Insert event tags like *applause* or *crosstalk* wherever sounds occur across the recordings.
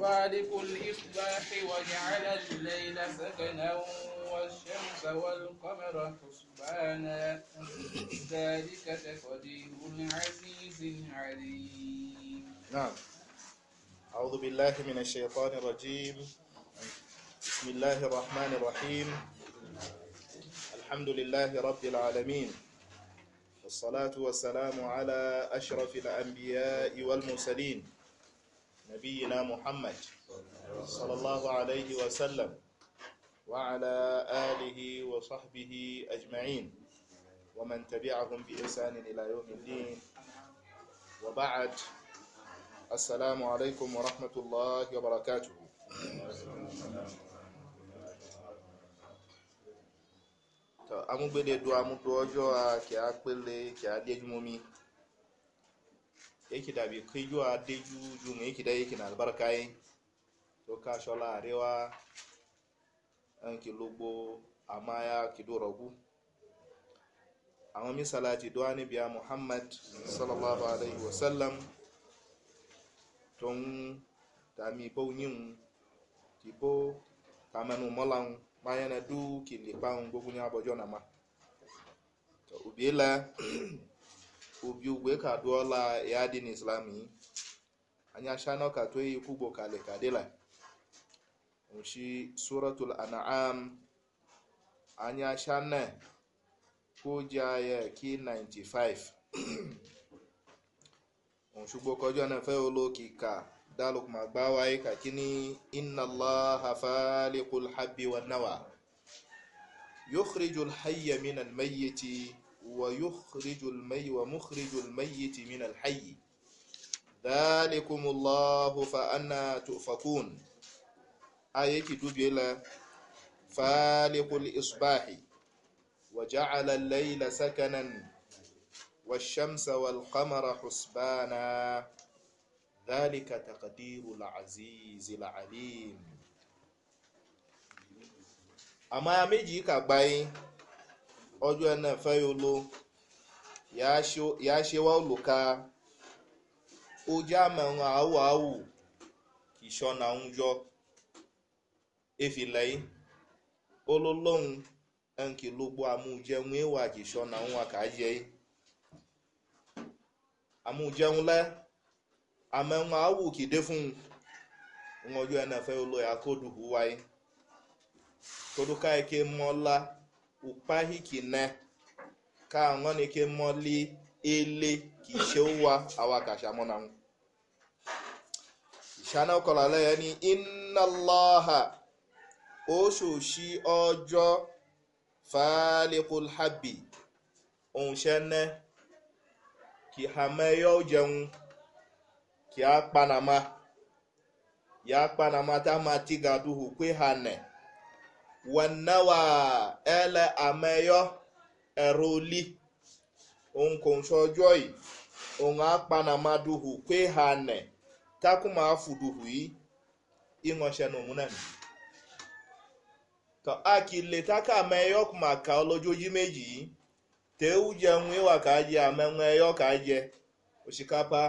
فالق الإصباح وجعل الليل سكنا والشمس والقمر حسبانا ذلك تقدير العزيز العليم نعم أعوذ بالله من الشيطان الرجيم بسم الله الرحمن الرحيم الحمد لله رب العالمين والصلاة والسلام على أشرف الأنبياء والمرسلين نبينا محمد صلى الله عليه وسلم وعلى آله وصحبه أجمعين ومن تبعهم بإحسان إلى يوم الدين وبعد السلام عليكم ورحمة الله وبركاته amúgbélédó amúdó ọjọ́ a kì á pélé kì yake da bi kai juwa dai juju ne yake da yake na albarka yi to ka shola arewa an ki lugbo amma ya ki do amma mi do ani biya muhammad sallallahu alaihi wa sallam ton ta mi bo nyin ti bo ta manu molan bayan du ki le pa un ma to ubiela *clears throat* ubiugwe ka dụọla ya dị n'islam yi anya shano ka to yi kugbo kale ka dila shi suratul an'am anya shanne ko jaya ki 95 ṣùgbọ́n kọjọ́ náà fẹ́ olóòkì ká dálùkù máa gbá wáyé kàkí ní iná láhàfà lẹ́kọ̀ọ́ hábí wa náwà yóò kéré jù láyé mi nà mẹ́yẹ ويخرج المي ومخرج الميت من الحي ذلكم الله فأنا تؤفكون آية دبيلة فالق الإصباح وجعل الليل سكنا والشمس والقمر حسبانا ذلك تقدير العزيز العليم أما ميجيك باين ọjọ́ ẹ̀ náà yóò lo yàá ṣe wá olùka ojú àmọ̀ràn àwọ̀ àwò kì í Efi ń olólóhùn ẹnkì lógbó amújẹun ìwà kì í ṣọ́nà yìí lẹ́ àmọ̀ràn àwò fún upahi kine ka ngone ke moli ele kishowa awaka shamonan shana kolala ya ni inna allaha o soshi ojo falikul habi ohun ṣẹnẹ kì hàmẹyọ jẹun kì á panama yà á panama tá a máa ti gàdúhù ha hanẹ wanawa ele ameyo eroli onkonshojoi onga kpanamaduhu kwe hane takuma yi ingoshe no munani to akile taka ameyo kuma ka olojoji meji yi je nwe wa ka je amenwe yo ka aje osikapa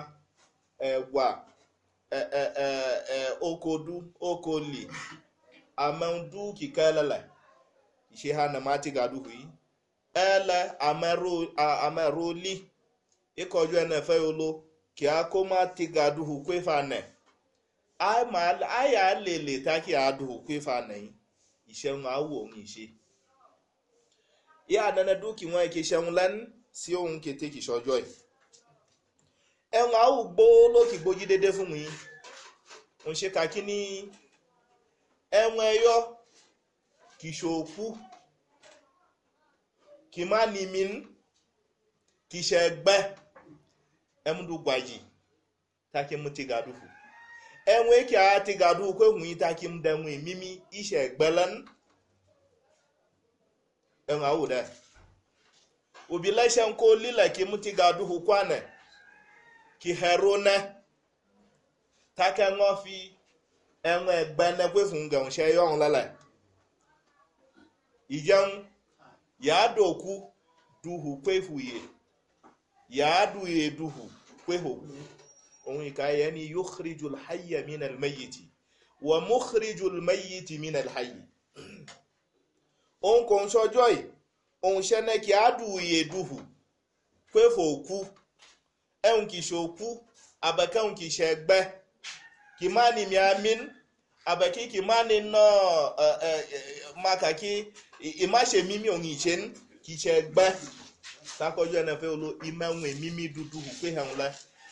ẹ̀wà e, e, e, okodu okoli amandu kikalala ishe hana mati gadu hui ele li. amaruli ikoju ene fe olo ki akoma ti gadu hu kwe fane ai ma ai alele ta ki adu hu kwe fane ishe nwa wo ngi ishe ya nana duki nwa ike ishe nlan si ohun kete ki shojo ẹ̀wọ̀n àwùgbó lókìgbójídédé fún mi ń se ka kini. enweyo kìṣòkú kìmánìmín kìṣẹ̀gbẹ́ emdugwaji takimutigadufu enwe ki a tigadu kwenwe takim denwe mimi ìṣẹ̀gbẹ́lẹ́n ẹ̀wọ̀n àwòdà òbí lẹ́sẹ̀ ń kó lílẹ̀ kí mú ti ga dúhù kwánẹ̀ kí hẹ̀rọ náà tákẹ́ ń fi ɛŋ ɛgbɛnɛ kwefun gɛŋ shɛ yɔŋ lɛlɛ ijɛŋ yaa doku duhu kwefu ye yaa du ye duhu kwehu ohun ika yani yukhrijul hayya min almayyiti wa mukhrijul mayyiti min alhayyi ohun kò ń sọjọ́ yìí ohun ṣẹ́nẹ́ kí á du ye duhu kwefu òkú ẹ̀hún kì í ṣe òkú àbẹ̀kẹ́hún kì í ṣe ẹgbẹ́ kimani miamin abaki kimani no uh, uh, makaki imashe mimi ongichen kichegba takoju enefe olo imenwe mimi dudu hukwe hanula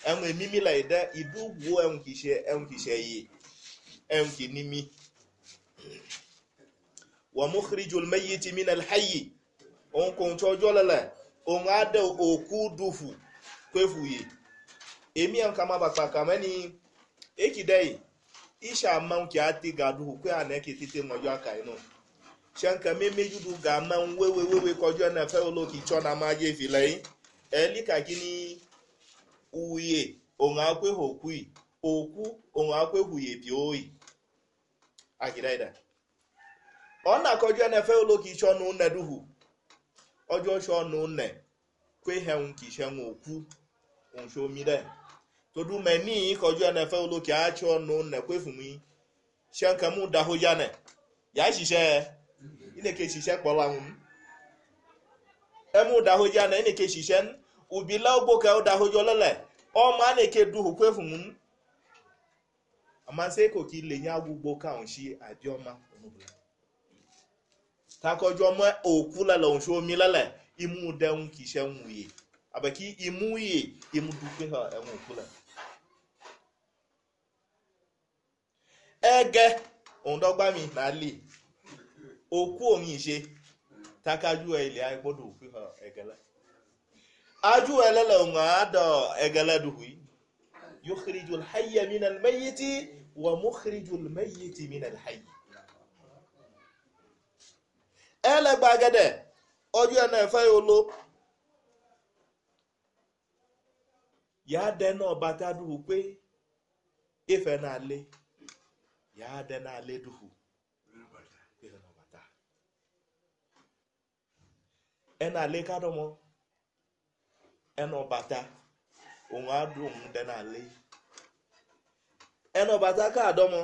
enwe mimi laida idugwo enwe kishe enwe kishe yi enwe kinimi wa mukhrijul mayyiti min al hayy on kon la lala on ade oku dufu kwefuye emi an kama bakpa kamani ekidai ishe man ki ati ga du ku ana eke titi mojo aka inu shanka me meju ga man wewe wewe kojo na fe olo ki chona ma je filai eli ka gini uye on akwe hokui okwu on akwe huye bi oyi akidaida ona kojo na fe olo ki chona na duhu ojo chona ne kwe hen ki shen oku on shomi dai todo meni ko ju na fe olo ki a cho no na kwefu mi se nkan mu da ho ya na ya e sise ile ke e sise po la mu e mu da ho ya na ile ke e sise ubi la ogbo ka o da ho jo lele o ma na ke du ho kwefu mu ama se ko ki le nya gbogbo ka on si abioma onubula takojo mo oku lele on so mi lele imu deun ki se nwuye abaki imu ye imu dupe ha emu oku lele ẹ́gẹ́ òun dọ́gba mi náà lè òkú òun ìṣe takaju ilé ayépọ́dù òfin hàn ẹ̀gẹ́lẹ́ aju ẹlẹ́lẹ̀ òun àádọ́ ẹ̀gẹ́lẹ́ dùn yìí yukhriju al-hayya min al-mayyiti wa mukhriju al-mayyiti min al-hayy ẹlẹ́gbàgẹ́dẹ̀ ọjọ́ ẹ̀nà ẹ̀fẹ́ yóò lo yàá dẹ́ bàtà dùn pé ìfẹ́ náà lé yaada na aleduhu kweka na ọbata ẹna ale kadọmọ ẹna ọbata òun adu òun dẹna ale ẹna ọbata kaadọmọ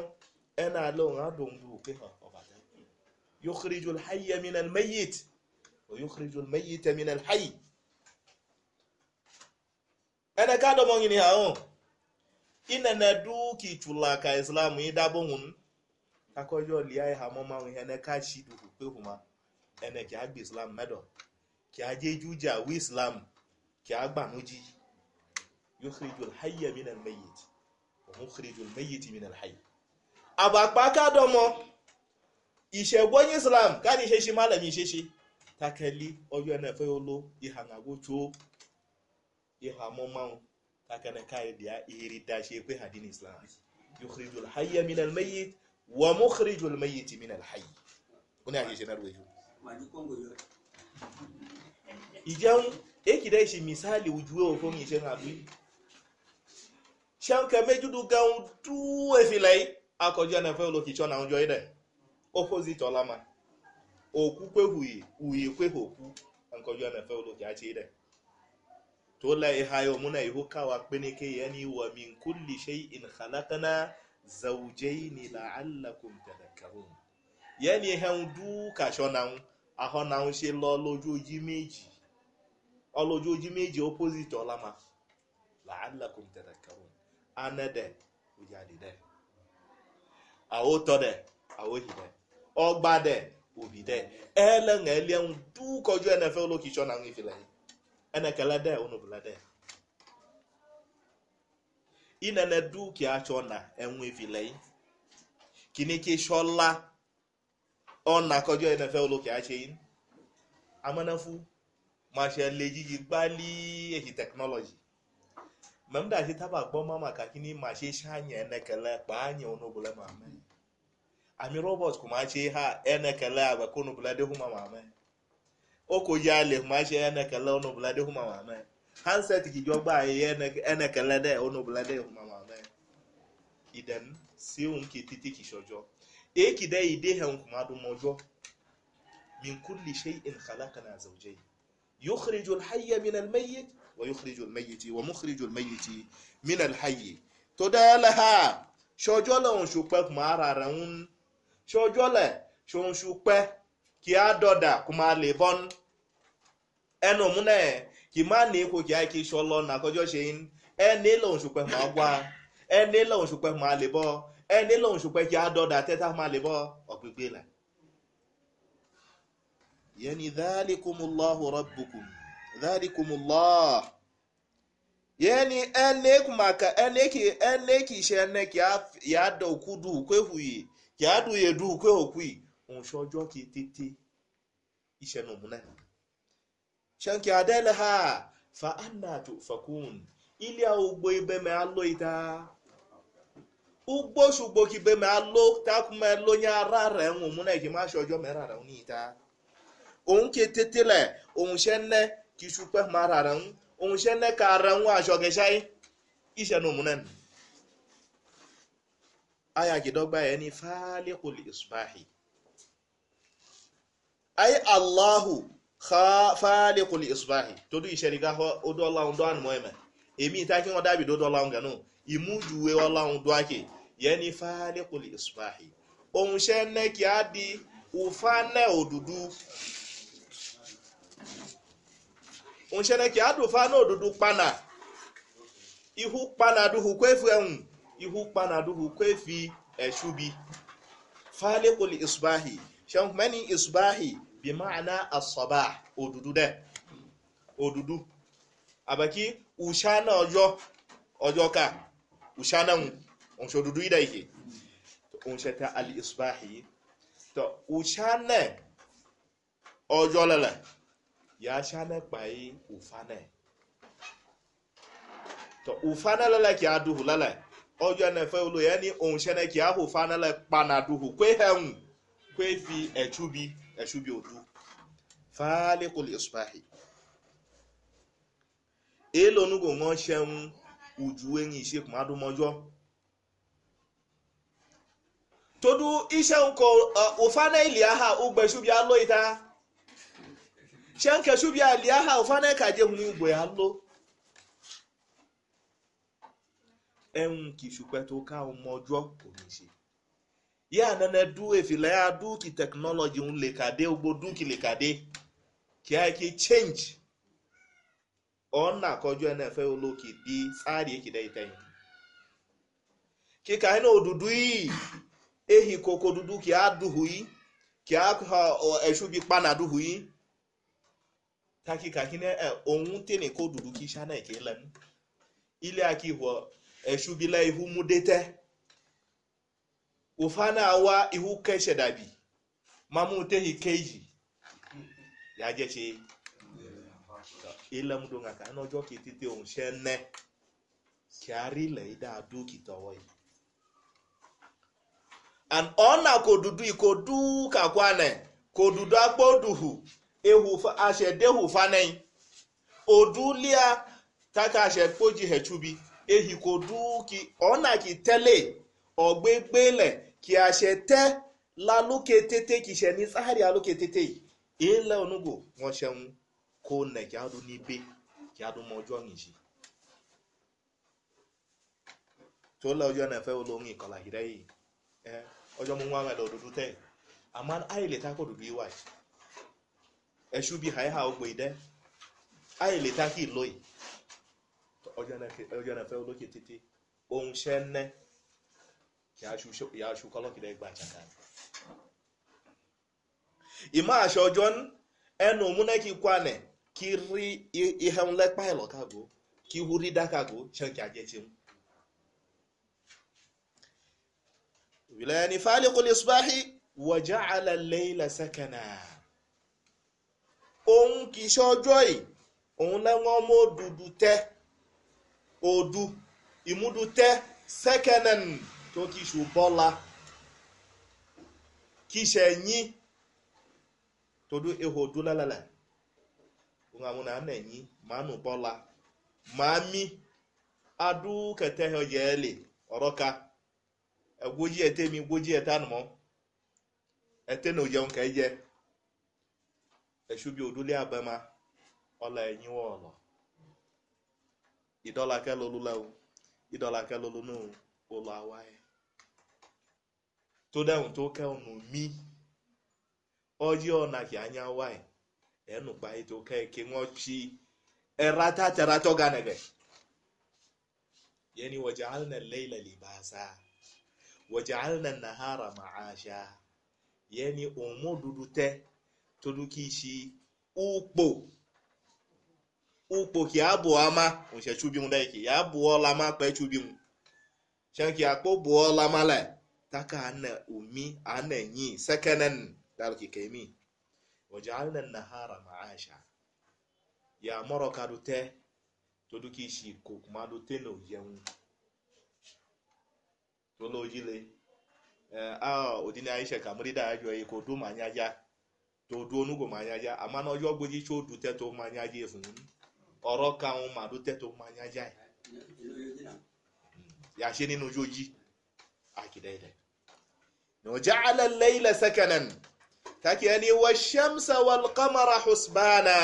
ẹna ale òun adu òun duru kweka ọbata yukhriju alhayya min almayyit wa yukhriju almayyita min alhayy ẹna kaadọmọ nyini ina na duki chula ka islam yi dabo hun kako yo li ai ha mama hun hene ka shi du pe huma ene ki agbe islam medo ki aje juja wi islam ki agba nuji yukhrijul hayya min al mayyit wa mukhrijul mayyit min al hayy abapa ka domo ìṣẹ̀gbọ́n islam káàdì ṣeṣe málàmí ṣeṣe takẹ́lí ọjọ́ ẹ̀nà ẹ̀fẹ́ oló ìhànàgójó ìhàmọ́máhùn akana kai dia irita shi kai hadin islam yukhrijul hayya min al mayyit wa mukhrijul mayyit min al hayy kuna ya shi narwe yo ijan ekida shi misali ujuwe ofon yi shen abi shanka mejudu gaun tu efilai akojo na fe oloki chona unjo ide opposite olama okwu kwehuye uye kwehoku nkojo na fe oloki achi ide tola ihayo muna ihukawa kpeneke yani wa min kulli shay'in khalaqna zawjayn la'allakum tadhakkarun yani hen du ka shonan aho na un se lo loju oji meji oloju oji meji opposite olama la'allakum tadhakkarun anade ujade de awo to de awo hi de ogba de obi de ele nge ele un du koju enefe enekele de unu bulade inene du kiacho na enwe vilei kiniki shola ona kojo enefe olo kiache in amanafu ma ṣe lè yíyí gbálí èyí technology mẹ́mdà ṣe tábà gbọ́ mama kàkí ní ma ṣe ṣáàyàn ẹnẹkẹlẹ pààyàn onúbulẹ̀ màmẹ́ àmì robert kò máa ṣe ha ẹnẹkẹlẹ àgbẹ̀kọ́ onúbulẹ̀ okoyale kumashi enekele unu bulade huma mame handset kijogba ye enekele de unu bulade huma mame idem si unki titi kishojo eki de ide he unkuma du mojo min kulli shay'in khalaqna zawjayn يخرج الحي من الميت ويخرج الميت ومخرج الميت من الحي تدالها شجلة شوكبك مارا رون شجلة شون شوكبك kia doda kuma lebon ẹnu múnẹ kì má ní ipò a àìkí iṣọ lọ nà kọjọ ṣe ẹ ní lòun ṣùpẹ máa gbà ẹ ní ẹ na lòun ṣùpẹ kí àdọdà tẹta máa lè ọgbẹgbẹ yẹni rabbukum yẹni ẹ ní kùmàkà ẹ ní ṣe onshojoo ki tete ishenu munan shanki adalaha fa anna tufakun ile a ugbo ibe me alo ita ugbo ṣùgbọ́n kí bẹ́ẹ̀ máa lo takumẹ́ ló ní ara rẹ̀ ń wọ̀n múnà kí má ṣe ọjọ́ mẹ́ra rẹ̀ ń ní ìta òun ké tètè lẹ̀ òun ṣe ń nẹ́ kí ṣùpẹ́ má ra rẹ̀ ń òun ṣe ń nẹ́ ká rẹ̀ ń wọ́n aṣọ kẹṣáyé ìṣẹ́ ní òmùnà ni. ayàjìdọ́gba ẹ̀ ní fáálẹ́kùlì ìṣùpáhì ay allahu khaliqul isbahi todo iṣẹ́ ni ká ọdọ́ ọláhun dọ́ ànùmọ́ ẹ̀mẹ́ emi ìta kí wọ́n dábì dọ́dọ́ ọláhun gẹ̀nù ìmújuwe imu juwe àkè yẹn ni khaliqul isbahi ohun ṣẹ́ nẹ́ kí á di ufanẹ́ òdúdú ohun ṣẹ́ nẹ́ kí á dùn fánẹ́ òdúdú pana ihu pana duhu kwefu ẹ̀hùn ihu pana duhu kwefi ẹ̀ṣubi khaliqul isbahi ṣẹ́nkùmẹ́ni isbahi bi ma'ana as-sabah òdúdú dẹ̀ òdúdú àbákí ùṣánà ọjọ́ ọjọ́ ká ùṣánà òṣè òdúdú ìdá ìyè òṣè ta al-isbahi tó ùṣánà a dùhù lẹ́lẹ̀ ọjọ́ ẹnẹ̀fẹ́ olóyẹ́ ní òṣè kí a hù kwe ha kwe fi ẹ̀ṣù bí òdú fàálẹ́kùn lè sùpáhì èèlò onúgò wọn ṣẹun ojú ẹ̀yìn ìṣèkùn adúmọjọ tódú iṣẹ́ ńkọ òfánà ilẹ̀ aha ugbẹ̀ ṣubi aló ìta ṣẹ́ńkẹ̀ ṣubi alẹ̀ aha òfánà ìkàjẹ́ òun ugbẹ̀ aló ẹ̀hún kìí ṣùpẹ́ tó ká ọmọ ọjọ́ kò ní ṣe ya na na du efila ya du ki teknoloji un le kade ugbo du ki le kade ki a ki change on na kojo ene fe olo ki di sari e ki dai tayin ki ka ina odudu yi ehi koko dudu ki a duhu yi ki a ha esu bi pa na duhu yi ta ki ka kine eh, ohun tene ko dudu ki shana e ke lenu ile aki ho esu bi la ihu mu dete ufana awa ihukeshe dabi mamu hikeji yaje ce ilam don aka ana ojo ki titi ohun se ne ki a ri ilẹ̀ idá adúkì tọwọ́ yìí and ọ̀nà kò dúdú ikò dúkà kwanẹ̀ kò dúdú agbódùhù ehu aṣẹ̀déhù fanẹ́yìn odúlíà taka aṣẹ̀pọ̀jì hẹ̀chúbi ehi kò dúkì ọ̀nà kì tẹ́lẹ̀ ọ̀gbẹ́gbẹ́lẹ̀ kiashete laluketete kisheni tsari aluketete ile onugo won seun ko ne ki adu ni be ki adu mo ojo ni si to le ojo na fe olohun ikola hireyi eh ojo mo wa lo dudu te aman ai le ta ko dudu iwa e su bi hai ha ogbo ide ai le ta ki loyi ojo na ojo na fe ohun se ne ya shu kolo ki dai gba chaka ima shojon enu mune ki kwane kiri ihe nlekpa ilo kago ki huri dakago shanki ajetim wilayani faliqul isbahi wa ja'ala al-layla sakana òun kì í ṣe ọjọ́ yìí òun lẹ́wọ́n mú òdùdù tẹ́ òdù ìmúdù tẹ́ sẹ́kẹ̀nẹ̀nì tó ti ṣò bọ́la kisha nyi to du eho du lalala unga muna amna nyi manu bola mami adu kete ho yele oroka ete mi gwoji etan mo ete no je nka ye esubi odule abama ọla enyi wo olo ke o ke toda ntoka unomi ọjọọ na ki anya wai enukpa itoka eke ngọchi erata terato ganege yani waja'alna al-layla libasa waja'alna an-nahara ma'asha yani omodudute todukishi ukpo ukpo ki abu ama onse chubi mu dai ki ya bu ola ma pe chubi mu shan ki akpo bu ola ma lai taka ana umi ana yi sakanan darki kaimi waj'alna an-nahara ma'asha ya moroka dute to duki shi ko kuma dute no yeun to lo jile eh ah odini aisha kamri da ajo yi ko du ma nyaja to du onugo ma nyaja ama na ojo gboji cho dute to ma nyaja fun oro ka un ma dute to ma nyaja ya se ninu joji akida وجعل الليل سكنا تكيني والشمس والقمر حسبانا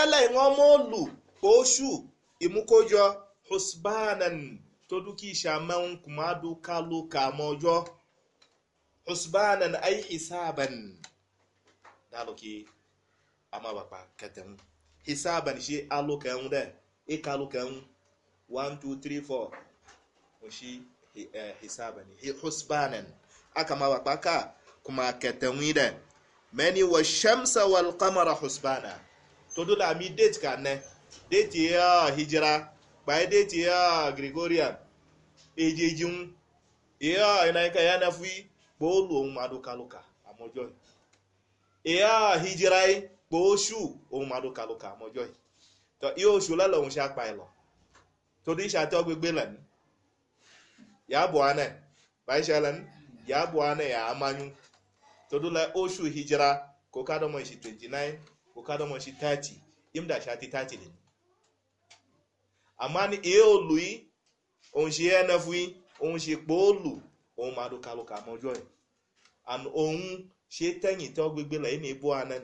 ẹlẹ́ wọn mọ́ lù oṣù ìmúkójọ husbanan tó dúkì ìṣàmẹ́hùn kùmádù kálùkà mọ́jọ́ husbanan ay hisaban dálókè amábàpá kẹtẹ̀hún hisaban ṣe alókẹ̀hún dẹ̀ ìkálùkẹ̀hún one two three four òṣì hisaban husbanan aka ma ba baka kuma ka tanwida mani wa shamsa wal qamara husbana to dole mi date ka ne date ya hijira ba date ya gregorian ejejun ya ina ka yana fi bolu ohun madokaluka amojo ya hijirai gbóòṣù ohun madokaluka amojo to iyo oṣù lọ́lọ́ ohun ṣe apá ẹ̀ lọ torí ṣàtọ́ gbégbé lẹ́nu yabwane baishelen yabwane ya amanyu todula oshu hijira ko kada mon shi 29 ko kada 30 imda shati 30 din amani e olui onji enafui onji polu on madu kaluka mojo an ohun ṣe tẹyin tọ gbegbe la ẹni ibo anan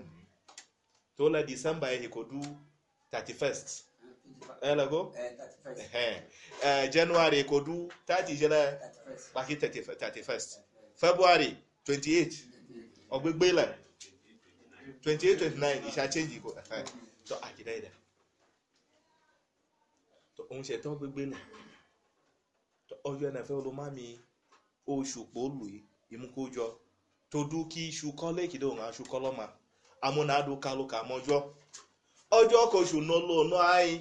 tó lẹ ehikodu 31st ẹlẹgo eh, eh, january kodu thirty jẹlẹ paki thirty first february twenty eight ọgbẹgbẹ ilẹ̀ twenty eight twenty nine ìṣá change ko tọ àkìdá ilẹ tọ òun ṣe tán gbẹgbẹ nù tọ ọjọ ẹnà fẹ olùmọ mi oṣù pòlù ìmúkójọ tó kí iṣu kọ́lé ìkìdá òun aṣọ kọ́lọ́mà amúnádùn kálukà mọ́jọ́ ọjọ́ kò ṣùnà áyín.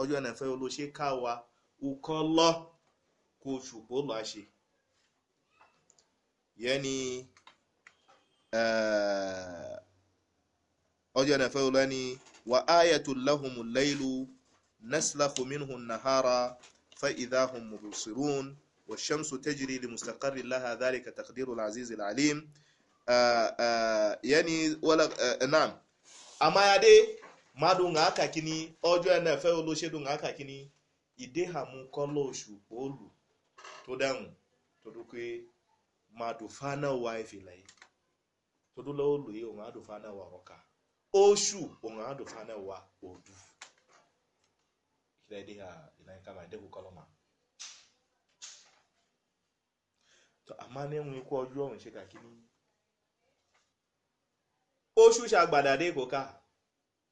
ọjọ́ náà fẹ́ olóṣè káwa ukọ́ lọ kó ṣùkó lọ́ọ́ ṣe yẹn ni eh, ọjọ́ náà fẹ́ olóṣè ni wà áyàtò láhùnmù lẹ́yìlú naslahu minhu nahara fa idahun mubsirun wa shamsu tajri li mustaqarri laha dhalika taqdiru al-aziz al-alim eh, eh, yani wala na'am amma ya dai mmadụ ṅaka ọjọọ na-efe oloshedu ṅaka kini idehamu koloshu polu todamu todoke madufana waifilai olu ye onga adufana wa roka oshu onga odu kila ideha inaikama e ideku koloma to amane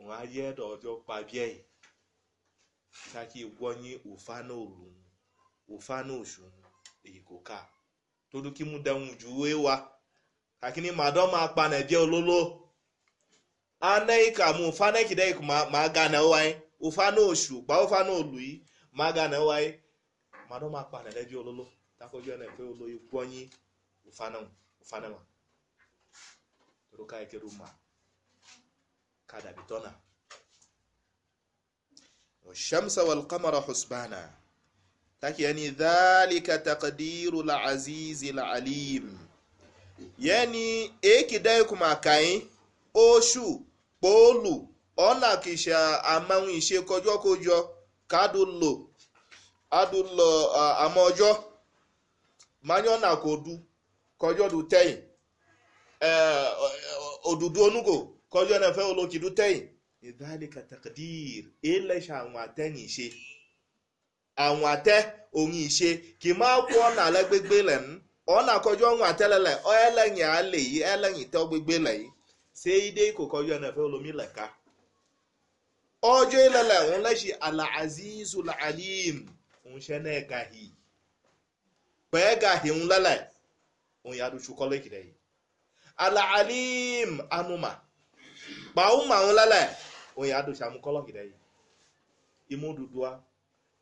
òun á yẹ ọjọ́ pa bí ẹ̀yìn ṣáàkì wọ́nyí òfánà òrùn òfánà èyí kò kí mú dẹ̀hùn wa kàkíní màdọ́ máa olóló anẹ́yìká máa wáyé pa òfánà òlù yìí máa gànà wáyé màdọ́ máa panà ẹ̀jẹ̀ olóló olóyè wọ́nyí ká dàbí tọ́nà shamsa wal qamara husbana taki yani dhalika taqdiru la azizi la alim yani ekidai kuma kai oṣù polu ọ̀nà kìṣà àmàwọn ìṣe kọjọ́kọjọ kádùlò adùlò àmọ́jọ́ mányọ́nà kò du kọjọ́ du tẹ́yìn òdùdú onúgò kọjọ náà fẹ́ olókìdú tẹ̀yìn ìdálẹ́ka takdir èèlẹ̀ ṣe àwọn àtẹ̀yìn ṣe àwọn àtẹ kima ìṣe kì máa kú ọ̀nà alẹ́gbẹ́gbẹ́ lẹ̀ ń ọ̀nà kọjọ́ ọ̀hún àtẹ́lẹ̀lẹ̀ ọ̀ ẹlẹ́yìn alẹ́ le ẹlẹ́yìn tẹ́ gbẹ́gbẹ́ lẹ̀ yìí ṣé alim anuma. bauma ńlẹ́lẹ̀ òyìn adùsí amúkọ́lọ́ gidẹ́yìn imú dùdúà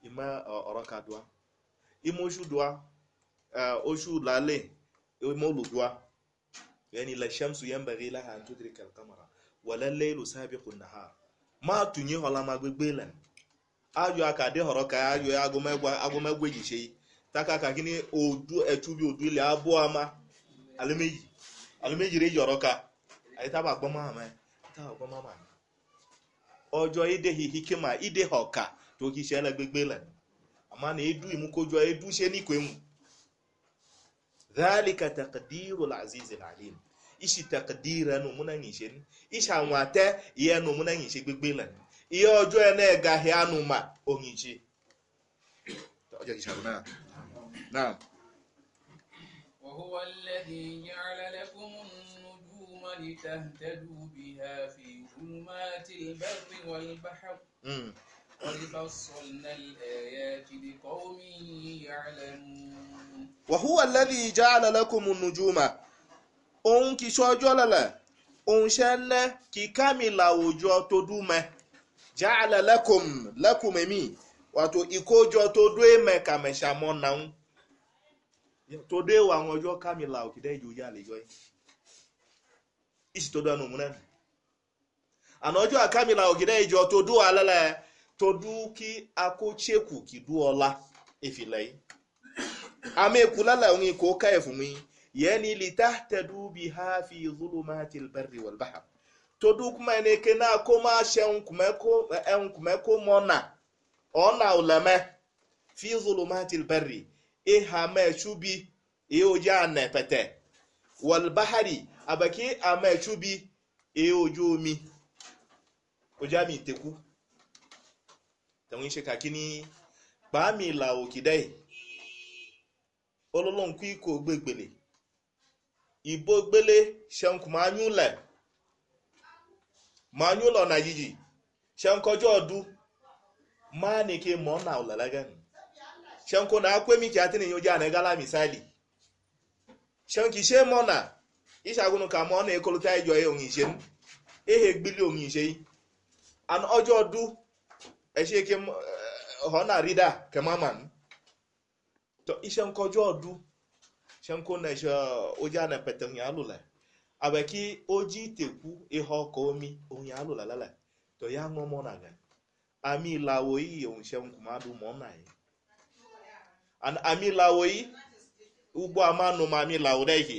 ìmọ̀ ọ̀rọ̀ka dùà imú oṣù dùà oṣù làálẹ̀ imú olùdùà yẹn ilẹ̀ sẹ́mùsù yẹn bẹ̀rẹ̀ ilẹ̀ hàn tó tẹ̀lé kàlkámàrà wọlé lẹ́yìn lọ́sàbí kò nàá máa tùnyí gbegbe gbégbé lẹ̀ ayọ̀ àkàdé ọ̀rọ̀ ka ayọ̀ agomẹ́gbẹ́ yìí takaka odu odu ọjọọ máa ọjọ́ idehi hikima idehi ọ̀ka tó kí iṣẹ́ ẹlẹ́gbẹ́gbẹ́ lẹ̀ àmọ́ ní edu edu ṣe ní ìkwému dhalika aziz al-alim ishi taqdir ẹnu mú náà yìí ṣe ní ishi àwọn àtẹ ìyẹn ẹnu mú náà yìí anu الأنعام لتهتدوا بها في ظلمات البر والبحر قد فصلنا الآيات لقوم يعلمون وهو الذي جعل لكم النجوم òun kì í ṣọjọ́ lọ́la òun ṣe ń ná kì kámìlà òòjọ́ tó dúmọ̀ ja'ala lakum lakum èmi wàtò ìkójọ tó dó èmẹ̀ kàmẹ̀ṣàmọ́ náà tó dé wà àwọn ọjọ́ kámìlà òkìdẹ́ ìjòyè àlejò yìí isitodwa n'omunafu anojo akamila ogida ijo todu alala todu ki akocheku kiduola efilai amekulala ongi koka efumi yani litahtadu biha fi zulumati albarri walbahr todu kuma eneke na koma shen kumeko en kumeko mona ona ulama fi zulumati albarri ihame shubi iyoja nepete walbahari abaki ama echubi e ojú omi ojú àmì ìtẹ̀kú tẹ̀wọ́n ṣe kàkí ní pàámi ìlà òkìdẹ́ olólùkú ikọ̀ gbẹ̀gbẹ̀lẹ̀ ìbò gbélé ṣẹ̀ǹkù máa yún lẹ̀ máa yún lọ nà yíyí ṣẹ̀ǹkọjọ́ ọdún máa ní kí mọ́ nà ọ̀làlágàn ṣẹ̀ǹkọ nà ákwẹ́mí kí á àná mísáìlì ṣe ịshagụnụ ka ma ọ na-ekolota ịjọ ya onyinye m ehe gbili onyinye yi an ọjọọ du esheke eh, ọ na-arịda kemaman to ishe nkọjọ ọdụ shenko na ishe eh, oji a na-epete onyalụla abeki oji tekwu ihe ọka omi onyalụla lala to ya ṅụ mụ na ga ami lawo iyi onshenku mmadụ mọ na ya ami lawo iyi ugbo ama nụ ma ami lawo dehi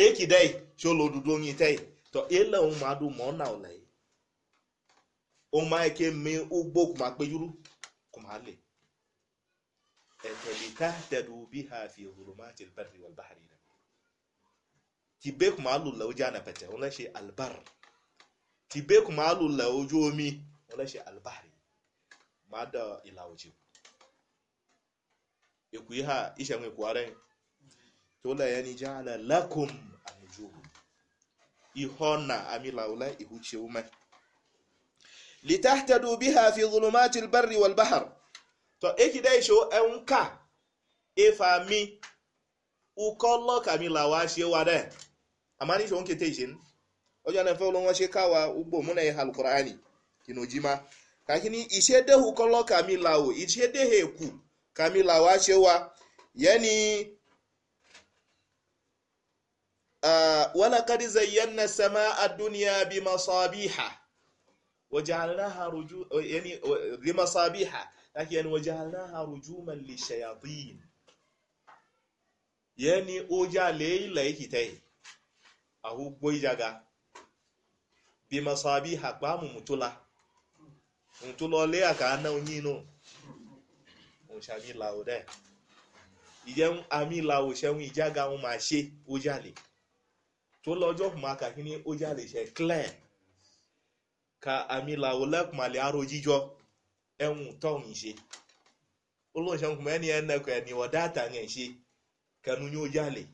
eekidei cholodudu onye tei to ele mmadụ ma ọ na-ụla ụmụike mee ugbo kuma kpejuru kuma le ẹtẹlika e tẹdu bi ha fi huruma ti bẹrẹ wọn bahari rẹ ti bẹ kuma alu la ojú anapẹtẹ wọn lẹ ṣe albar ti bẹ kuma alu la ojú omi wọn lẹ ṣe albahari ma da ìlà òjò èkó e yìí ha iṣẹ́ ń èkó ara yìí tola yani ja'ala lakum an-nujum ihona amila ula ihuche ume litahtadu biha fi dhulumati al-barri wal-bahr to ekidai sho enka efami ukolo kamila wa she wada amani sho nke tejin ojo na fe olon she kawa ugbo muna ya al-qur'ani kinojima kakini isedehu kolo kamila wo isedehe ku kamila wa she wa yani Ah, walakadi zayyana sama aduniya bi masabiha wajalnaha ruju yani bi masabiha laki yani wajalnaha rujuman li shayatin yani oja leila ikitai ahu gboijaga bi masabiha pamu mutula mutula le aka na onyin no o sha mi lawo de ìjẹun àmì ìlà òṣèwọ̀n ìjága wọn máa ṣe ó jàlè tó ọjọọ kùmáka kí ni ka àmì làwọ̀ lẹ́kùnmalẹ̀ aró jíjọ ẹ̀wùn tọ́hún ṣe olóòṣàn kùmọ̀ ẹni ẹnẹkọ̀ ẹni ọ̀dá àtàyàn ṣe kẹnu yóò jà lè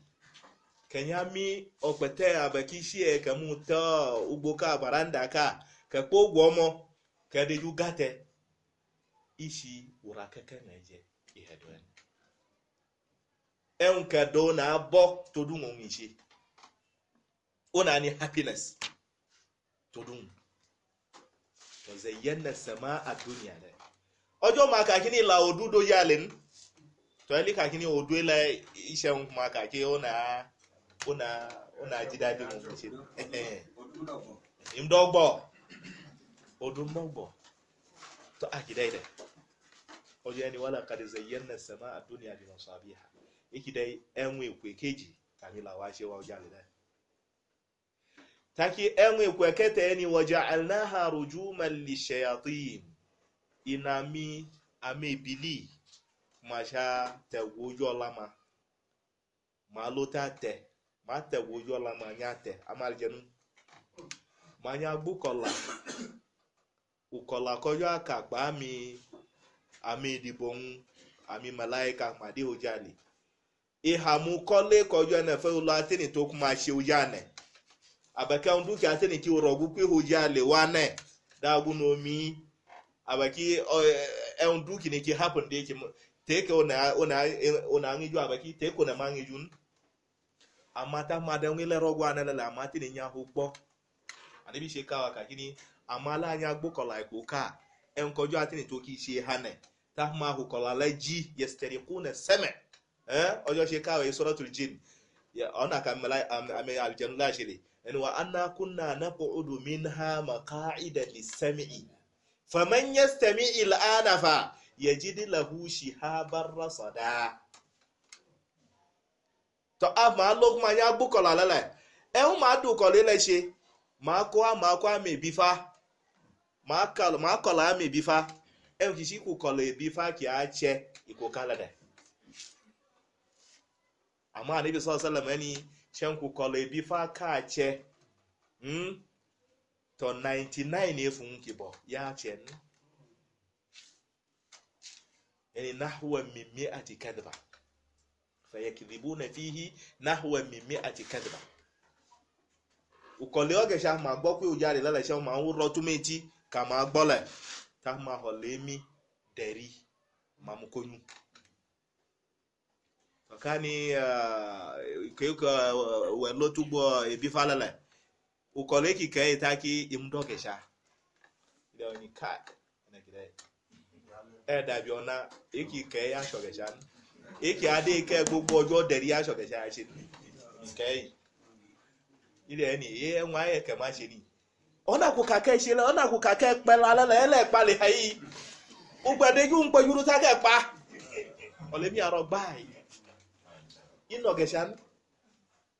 mi ọ̀pẹ̀tẹ̀ àbẹ̀kíṣí ẹ̀ kẹmú tọ́ ka baranda ka kẹpọ̀ ògùn ọmọ wura na Una ne happiness to dum to zayyana a dunya da ojo ma ka kini la odudo yalen to ali ka kini odu la ise un ma ka ke ona ona ona ji dadi mu fushi imdogbo odumogbo to akidaide ojo ani wala na zayyana a dunya bi masabiha ikidai enwe kwekeji kamila wa shewa ojalida taki enwe kwekete ni waja'alnaha rujuman lishayatin inami amebili masha tewojo lama ma lo ta te ma tewojo lama nya te amaljenu ma nya bukola ukola kojo aka pa mi àmì ìdìbò ń àmì màláìka màdé ojàlè ìhàmú kọ́lé kọjú ẹnẹfẹ́ olú atẹ́nì tó kún máa ṣe ojàlè abakan dukiya sani ki rogu kwe hoja le wane dagu no mi abaki en e, duki ne ki happen de ki teke ona ona e, ona ngiju abaki teke ona mangijun amata madan ile rogu anala la amati ne nya hugbo anibi se kawa ka kini amala anya gbokola iko ka en kojo atini to ki se hane tahmahu kolalaji yastariquna sama eh ojo se kawa suratul jin ona kamala ame aljannu la shele yani wa anna kunna naq'udu minha maqa'ida lis-sam'i faman yastami' al-ana fa yajid lahu shihaban rasada to a ma lo ma ya bu ko la le e un ma du ko le le se ma ko a ma ko a mi bi fa ma ka ma ko la mi bi fa e un ki si ku ko le bi fa ki a che iko kala da amma anabi sallallahu alaihi wasallam chenkukolo ebifa kache mm? to 99 efu nkibo ya chen yani nahwa min mi'ati fa fayakdhibuna fihi nahwa min mi'ati kadhba ukọlẹ ọgẹṣà máa gbọ pé òjá rẹ lẹlẹṣẹ máa ń rọ túmọ etí kà máa gbọlẹ tá máa hàn lémi dẹrí máa mú kóyún. Eh, eh, e ke ka welo tugbo ebi falala ukole ki kai taki imdoke sha ida oni kak na gida e da bi ona eki kai ya shoge sha eki ade ke gbogbo ọjọ́ deri ya shoge sha se kai ile ni e nwa ye ke ma ni ona ku ka ke se la ona ku ka ke pe la la ele pa le e ayi ugbadeju npe yuru ta ke pa ole mi aro báyìí ino geshan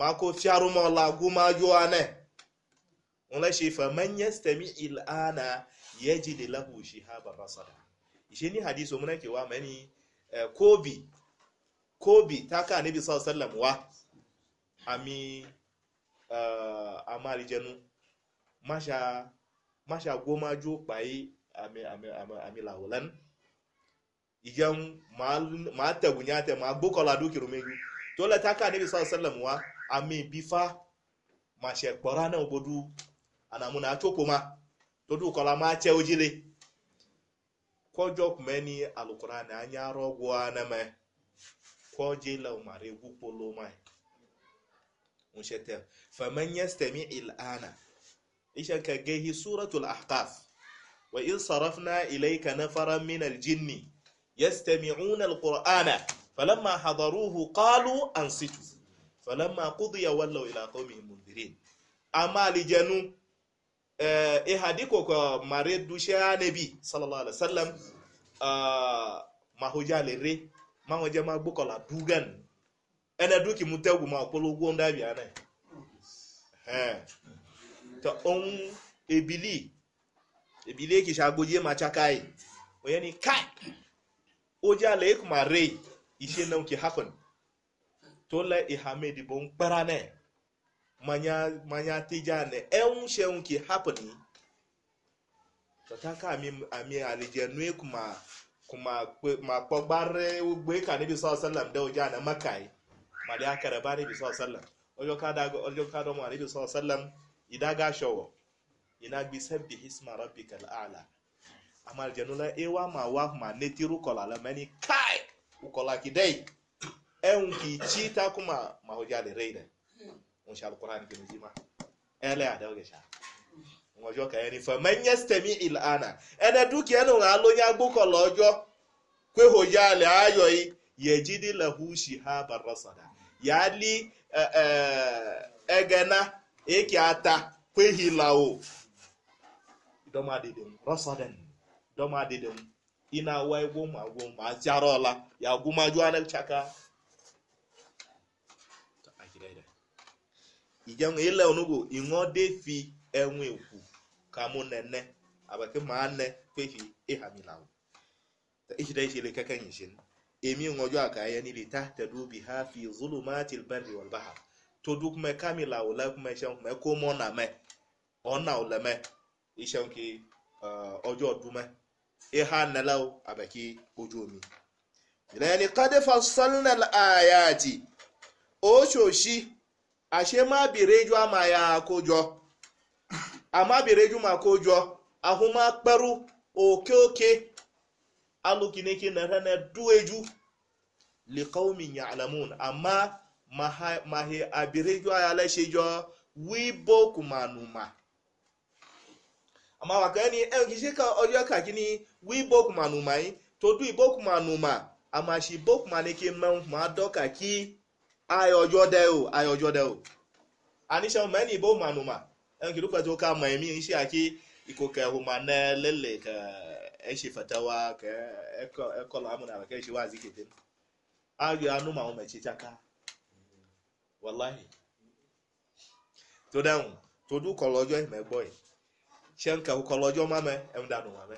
mako fiarumo la guma yoane on la shi fa man yastami il ana yajid lahu shihaba rasada shi ni hadiso muna ke wa mani eh, kobi kobi ta ka nabi sallallahu alaihi wasallam wa ami eh, amari jenu masha masha goma jo paye ami ami ami lahulan igen ma ma tagunya ta ma bokola do kirumeju to la ta ka nabi sallallahu alaihi wasallam wa ame bifa mashe kpọrọ na obodo ana mụ na-achụpụ ma todukọla ma che ojile kwojọpumeni alụkwara na anya arụ ọgwụ aname kwojila mara egwu polo mai nshete faman yastami il'ana ishan ka gehi suratul ahqaf wa in sarafna ilayka nafaran min aljinni yastami'una alqur'ana falamma hadaruhu qalu ansitu falamma qudiya wallaw ila qawmihim mundirin amma alijanu e eh, hadi ko ko mare dushe anabi sallallahu alaihi wasallam mahoja lere mahoja ma gbokola dugan ene duki mutegu ma opologo ndabi ana eh to on ebili ebili e ki shagoje ma chakai oyeni kai oja lake e mare ishe nan ki happen to le ihame bo nkpara ne manya manya teja ne ehun shehun ke happening to ta ka mi ami alije nu e kuma kuma pe ma po gbare ogbe ka ni bi sallam de oja na makai ma de akara ba ni bi sallam ojo ka da ojo ka do ma ni bi sallam idaga showo ina gbi sabbi hisma rabbikal a'la amal janula ewa ma wa ma netiru kola mani kai ukola kidai en kichita kuma mahujali reida unshi quran kinu jima ele adawge sha ngojo ka yani fa man yastami ilana ene duki ene ngalo nya gbuko lojo kwe hojali ayo yi ha lahu shihaba rasada yali eh, eh, egena eki ata kwe hilao doma didim rasadan doma didim ina wai goma goma a jarola ya ma juwa na chaka ìjẹun ilẹ̀ onugbo ìwọ́n fi enwe èkú ka nẹ́nẹ́ àbẹ̀kí màá ma pé fi ìhà mi làwọn. ìṣẹ̀dá ìṣẹ̀lẹ̀ kẹ́kẹ́ yìí ṣe ni èmi ìwọ̀njọ́ ta ha fi zulu máa ti bẹ̀rẹ̀ wọ̀n bá ha tó dúkú mẹ́ kámi na lẹ́kùn mẹ́ ṣẹ́wọ̀n mẹ́ kó mọ́ nà mẹ́ ọ̀nà ọ̀lẹ́ mẹ́ omi. ashe ma bireju amaya ya ama bireju ma kojọ ahuma kperu oke oke alukineke na rana dueju liqaumin ya'lamun amma mahe abireju ayala shejo wibo kumanuma amma wakani en kishika ojo kakini wibo kumanuma yi to du ibo kumanuma amma shi bo kumaneke man ma doka ki ayọjọdẹo ayọjọdẹo anisha mẹni ibo manuma ẹn kìlú pẹtù ká mọ ẹmí iṣẹ àkí ikọ kẹhùnmá náà lẹlẹ kẹ ẹ ṣe fatawa kẹ ẹ kọlọ amúnà kẹ ẹ ṣe wá àzíkètè ayọ anuma ọmọ ẹṣẹ chaka wàláhì tó dáhùn tó dún kọlọjọ ẹmẹ gbọ yìí ṣe ń kẹhùn kọlọjọ mamẹ ẹm dànù mamẹ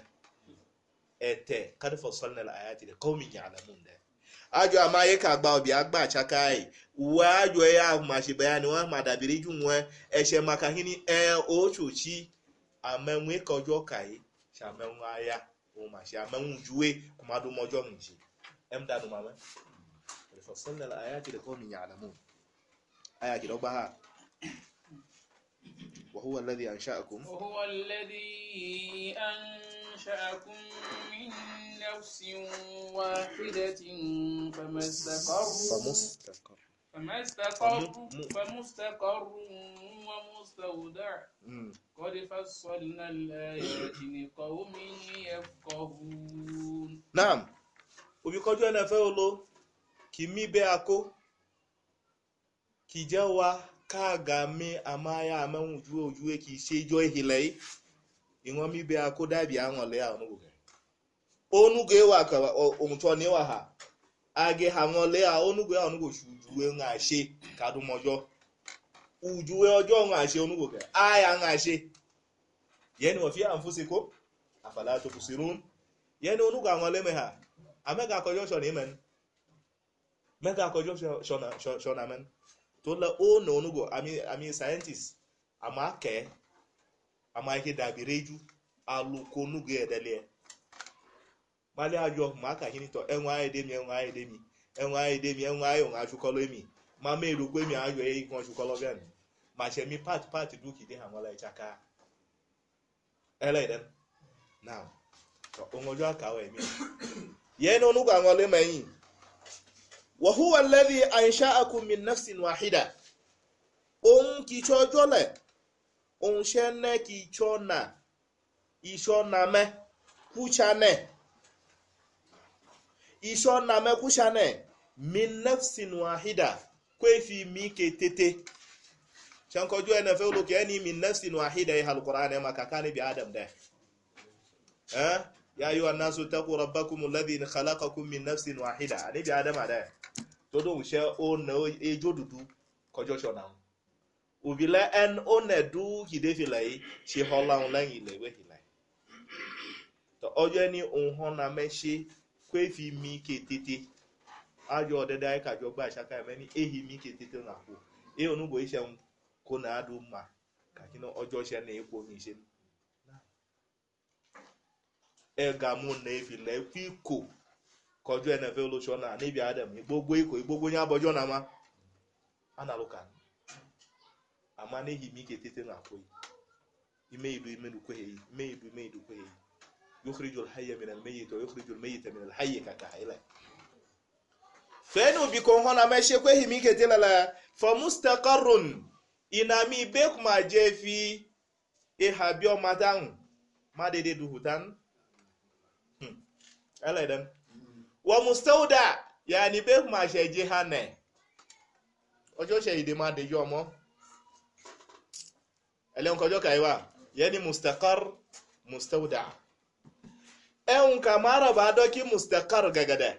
ẹtẹ kádìfọ sọlẹ àyàtì kọmi yàrá mú ndẹ. ajọ amaghị ka gba ọbịa gba anyị uwe ajọ e ya ahụ machiba ya na nwa ma dabere iju nwe eche maka hini ee ochuchi amenwe kọjọ kai chamenwa e. ya umashi amenwu juwe kumadu mọjọ nji emdanu mame fasallal وهو الذي أنشأكم وهو الذي أنشأكم من نفس واحدة فمستقر فمستقر فمستقر ومستودع قد فصلنا الآيات لقوم يفقهون نعم obìkanjú ẹnẹfẹ olo kì í mí bẹ akó ka ga-ame ama ya ama nwuju ojue ka isi jo ehile iṅomibe akụdabi anwale ya onugbu onugbu ewa ka onwutu ni ewa ha age ha nwale ya onugbu ya onugbu shujuwe nga she kadumojo ujuwe ojo nga she onugbu ka aya nga she yeni ofi anfusiko afala to kusirun yeni onugo anwale me ha amega akọjọ shona imen mega akọjọ shona shona men tola o na onugo ami ami scientist ama ke ama ike dabireju aluko onugo edele mali ajo ma ka kini to enwa ayede mi enwa ayede mi enwa ayede mi enwa ayo nga chukolo mi ma me ro pe mi ayo e ikon chukolo be ni ma se mi part part du ki de han wala ichaka ele den now so ongojo akawe mi ye no onugo anwole meyin wa huwa alladhi ansha'akum min nafsin wahida òun kìchọjọlẹ òun ṣẹnẹ kìchọna ìṣọnamẹ kúchanẹ ìṣọnamẹ kúchanẹ min nafsin wahida kwefi mi ketete shankọjọ ẹnẹ fẹ olókè ẹni min nafsin wahida ẹ Al-Qur'an maka kánẹ bi adam dẹ ẹ ya ayyuhan nasu taqu rabbakum alladhi khalaqakum min nafsin wahida àníbi adam adẹ. todo um shell o dudu e jodudu kojo shonam ubile en o ne du hidefilai shi hola un lan ile we hilai to ojo eni un hona meshi kwe fi mi ketete ajo odede ai ka jo gba shaka e meni ehi mi ketete na ko e onu bo ise un ko na adu ma ka kino ojo she na ekwo ni ise e ga mu na efilai kwiko kọjú ẹnẹfẹ olóṣọnà níbi adam gbogbo iko gbogbo ní abọjọ na ma analụka ama n'ihi ma ị ga-etete na akwụ ime idu ime nukwehe ime idu ime idu kwehe yukhrijul hayya min al-mayyit wa yukhrijul mayyita min al-hayyi ka ka ila fenu biko ho na meshe kwehi mi ke telala fa mustaqarrun inami be kuma jefi e habio matan madede duhutan hmm. ala idan wa mustauda yani be kuma she je hane ojo she ide ma de yo mo ele on kojo kaiwa yani mustaqar mustauda e un kamara ba do ki mustaqar gagada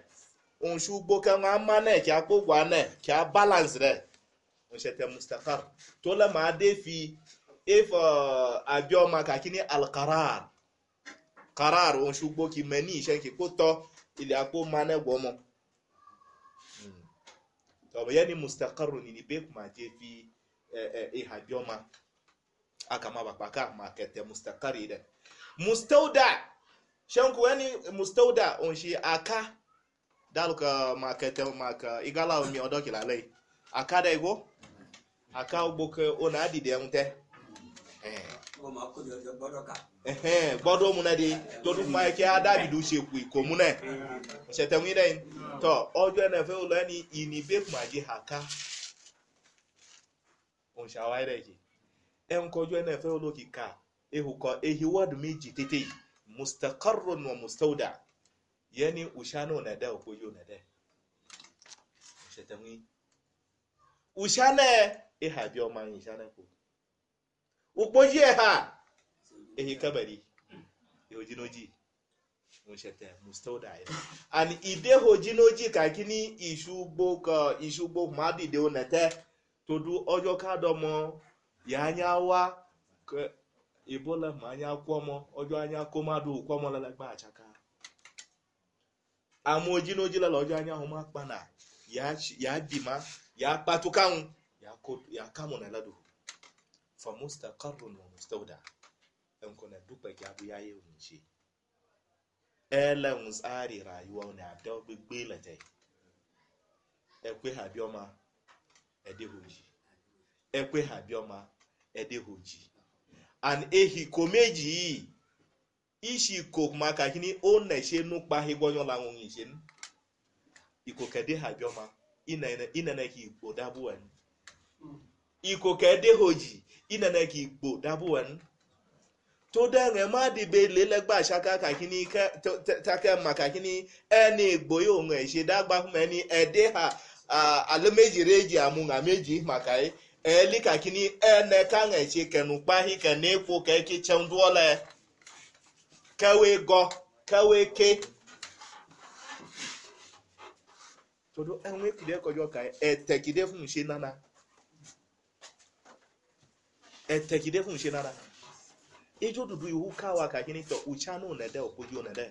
un shugbo kan amma ne ki apogwa ne ki a balance re un she te mustaqar to la ma de fi if uh, abioma kakini alqarar qarar un shugbo ki meni she ki ko to ili akpomane gwomo hmm. to yani mustaqarrun ni be kuma je fi e, e, iha bioma aka ma bakpaka ma kete mustakari da mustauda shanku yani mustauda on shi aka daluka ma kete ma ka igala mi odokila lei aka da igo hmm. aka ugbo ke ona adide nte gbɔdɔ mun na de todo kuma yi kɛ adabi do se koe ko mun na sɛtɛmu yi dɛ tɔ ɔjɔ yɛ nɛfɛ o lɔ ni ini bɛ kuma di haka onsawa yɛ dɛ yi ɛnkɔjɔ yɛ nɛfɛ o lɔ kika ehukɔ ehi wɔdu meji tete yi mustakarro nɔ mustauda yɛ ni usano na dɛ okojo na dɛ sɛtɛmu yi usane ehabi ɔman yi usane ko. ukpojie ha ehi kabari ihojinoji mushete mustauda e. an ide hojinoji ka kini isugbo ka isugbo mmadụ ide onete todu ọjọ kadomo ya anya wa ebola ma anya kwọmọ ọjọ anya kó mmadụ kwọmọ lalagba achaka àmú ojinoji lala ọjọ anya ma kpa na ya bima ya kpatukanwu ya kamụ na laduhu famustaqarrun wa mustawda yankuna duk bai gyabu ya yi wunce elen tsari rayuwa ne a da gbegbe late ekwe ha bioma edehoji ekwe ha bioma edehoji an ehi komeji yi ishi ikok maka kini na ha bioma ki Iko ka ikokedehoji ineneka igbo dabuwen todenge madi bele legba shaka kakini take kini eni igbo yo nwe se dagba meni ede ha alameji reji amunga meji makai eli e kakini ene ka nge se kenu pahi kene ko ke ki chenduole kewe go kewe ke todo enwe kide kojo E etekide fun se nana etagide kun shi nara ijo dudu ihu kawa ka kini to uchano na da okujo na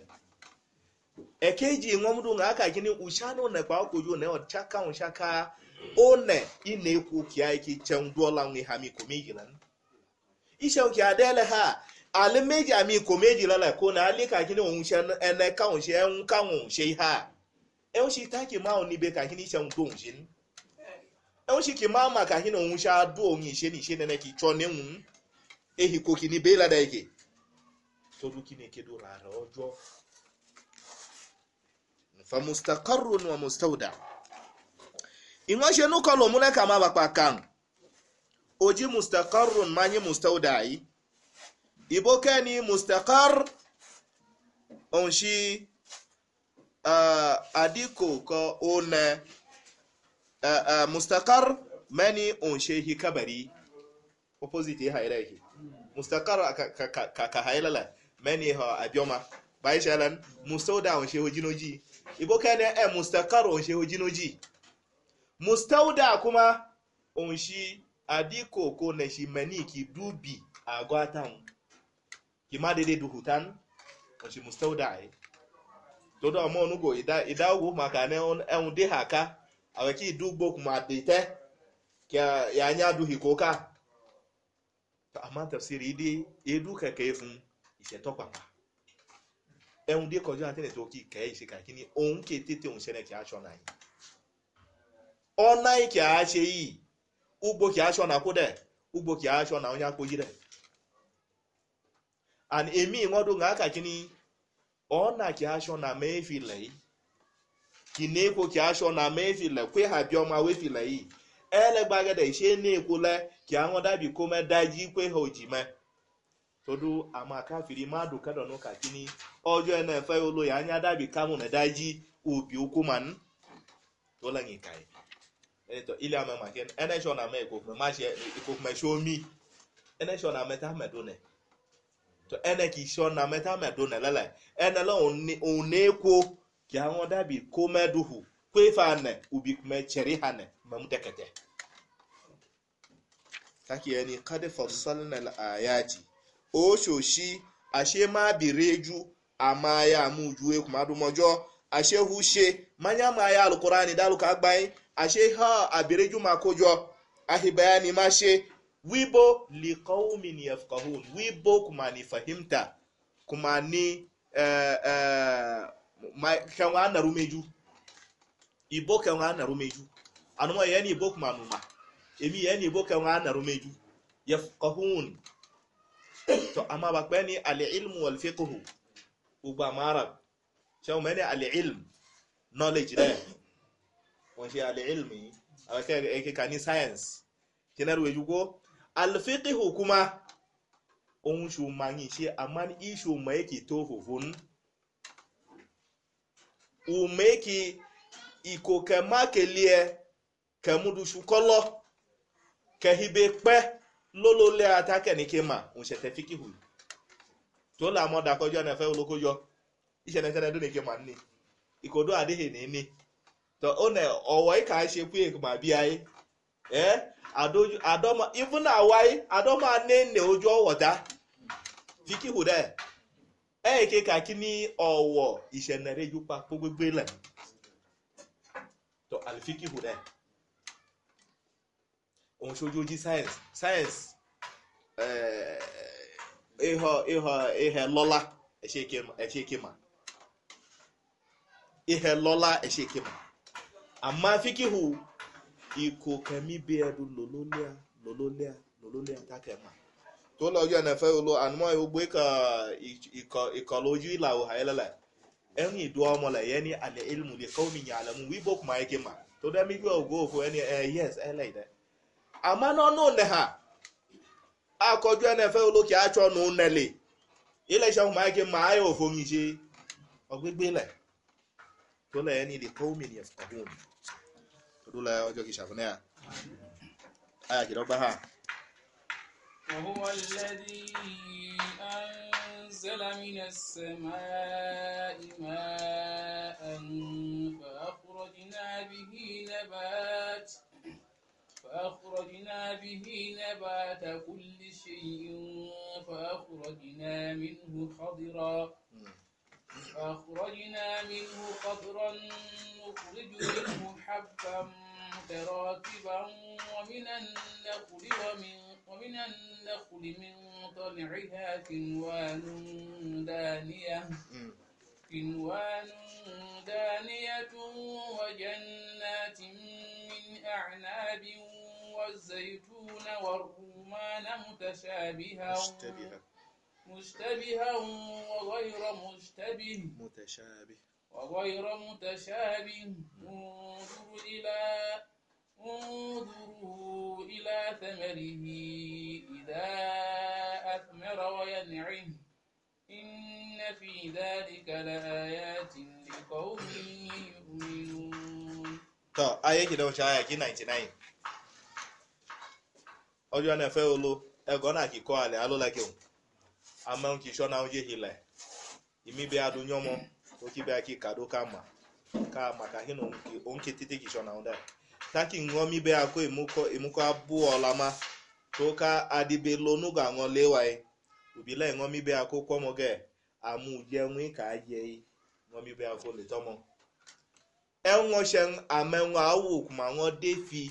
ekeji ngomdu nga aka kini uchano na kwa okujo na ka unshaka one ina ekwu kia iki chen dola ngi hami komiji nan isha adele ha ale meji ami lala ko na ale ka kini ka unshe ha e ma ka eushike mama ka hi na onwushi adụ onye ishe na ishe nene ki chọ na enwu ehiko kini bela da yake todu kine kedo rara ọjọ fa mustaqarrun wa mustauda. inwa she nu kolo mune ka ma bakpa kan oji mustaqarrun manyi mustawda yi ibo kani mustaqar onshi uh, adiko ko one Eh, eh, mustaqar mani unshehi kabari opposite ya haira yake mustaqar ka ka hailala mani ha abioma bai shalan mustauda unsheho jinoji iboka ne e mustaqar unsheho jinoji mustauda kuma unshi adiko ko na shi mani ki dubi agwatan ki ma daidai duhutan unshi mustauda ai todo amonugo ida ida ugo maka ne on ehun de haka avec idugbo kumadite ka yanya duhi koka amma tafsiri di eduka kai fun ise topapa ẹun dé kọjá àtẹnẹ tó kí kẹ ìṣe kàkí ni òun kè tètè òun ṣẹlẹ kì í aṣọ náà yìí ọ̀nà ìkì á ṣe yìí ugbo kì aṣọ náà kó dẹ ugbo kì aṣọ náà onye akpọjí dẹ and èmi ìwọ́n dùn ká kàkí ni ọ̀nà kì kinekwo kiasho na mefile kwehabioma wefile yi elegbagede ji kianwodabikome daji ikweha ojime todo amaka firi madu kadonu kakini ojo ene efe olo ya anya dabi kamu na daji obi ukwu man tola ngi kai eto ile ame maken ene sho na me ikokme ma she ikokme sho mi ene sho na do ne, to ene ki sho na meta medone lele ene lo onne onekwo ki hango da bi kome duhu kwe fa ne ubi kuma ceri hane mamu dekete kake yani kada fassalna al-ayati o shoshi ashe ma bireju ama ya mu juwe kuma dumojo ashe hushe manya ma ya alqur'ani dalu ka gbayin ashe ha abireju ma kojo ahibayani ma she wibo liqaumin yafqahun wibo kuma ni fahimta kuma ni eh, eh, kan wa naru meju ibo kan wa naru meju anu ma yani ibo kuma numa emi yani ibo kan wa naru meju yafqahun to amma ba pe ni al ilmu wal fiqhu ugba marab se o mene al ilm knowledge re won se al ilmi awake eke kani science kinaru ejugo al fiqhu kuma ohun ṣo ma yin ṣe àmọ́ ní ìṣòmọ̀ èkì tó ume ki iko kema kelie kemudusu kehibe pe lolole atake ni kema unsete fikihu to la mo kojo na fe olokojo isene tene do ni ni ikodo adighi ni ni to one owo ka se pu e ma bi aye e. adoma even awai adoma ne ojo owoda fikihu there ẹ kí kàkí ní ọ̀wọ̀ ìṣẹ̀nẹ̀rẹ́ yípa kó gbégbé lẹ̀ tó àlùfíkì hù rẹ̀ òun ṣojú ojú science science ihò ihò ihè lọ́la ẹ̀ṣẹ̀ ìkìmà ihè lọ́la àmọ́ fíkìhù ìkò bí lòlólíà lòlólíà to la ojú ẹnẹfẹ olo anumọ gbogbo ikọ ikọ ikọ lójú ìlà òhàyẹlẹ lẹ ẹni ìdú ọmọ lẹ yẹni alẹ ilmu lè kọ́ mi yàn alẹ mu wíbọ̀ kùmà yẹ kí ma to dẹ́ mi bí ògbó òfò ẹni ẹ yẹs ẹ lẹ dẹ àmọ́ náà nù nẹ ha akọjú ẹnẹfẹ olo kì á tsọ nù nẹ lè ilẹ̀ iṣẹ́ kùmà yẹ kí ma ayé òfò mi ṣe ọgbẹgbẹ lẹ to lẹ yẹni lè kọ́ mi yẹ fọdún to dú lẹ ọjọ́ kìí ṣàfùnẹ́ yà ayà kìí dọ́gba ha. وهو الذي أنزل من السماء ماء فأخرجنا به نبات فأخرجنا به نبات كل شيء فأخرجنا منه خضرا فأخرجنا منه خضرا نخرج منه حبا متراكبا ومن النخل ومن ومن النخل من طلعها كنوان دانية كنوان دانية وجنات من أعناب والزيتون والرومان متشابها مشتبها مشتبها وغير مشتبه متشابه وغير متشابه انظر إلى انظروا إلى ثمره إذا أثمر وينعه إن في ذلك لآيات لقوم يؤمنون طب آية كده وش آية 99 ọjọ́ náà fẹ́ olo ẹ̀gọ́ náà kì í kọ́ àlẹ́ alólàkẹ́ òun kì í ṣọ́nà oúnjẹ ìlẹ̀ ìmí bẹ́ẹ̀ adúnyọ́mọ́ ó kí kàdó ká mà ká mà hínú òun kì í títí kì í taki ṅomi be ako imuko emuko abu olama toka adibe lonu ga ŋo lewai ubile ŋomi be ako kwomo ge amu je ŋwi ka yei ŋomi be ako le tomo eŋo shen ame ŋo awu kuma ŋo defi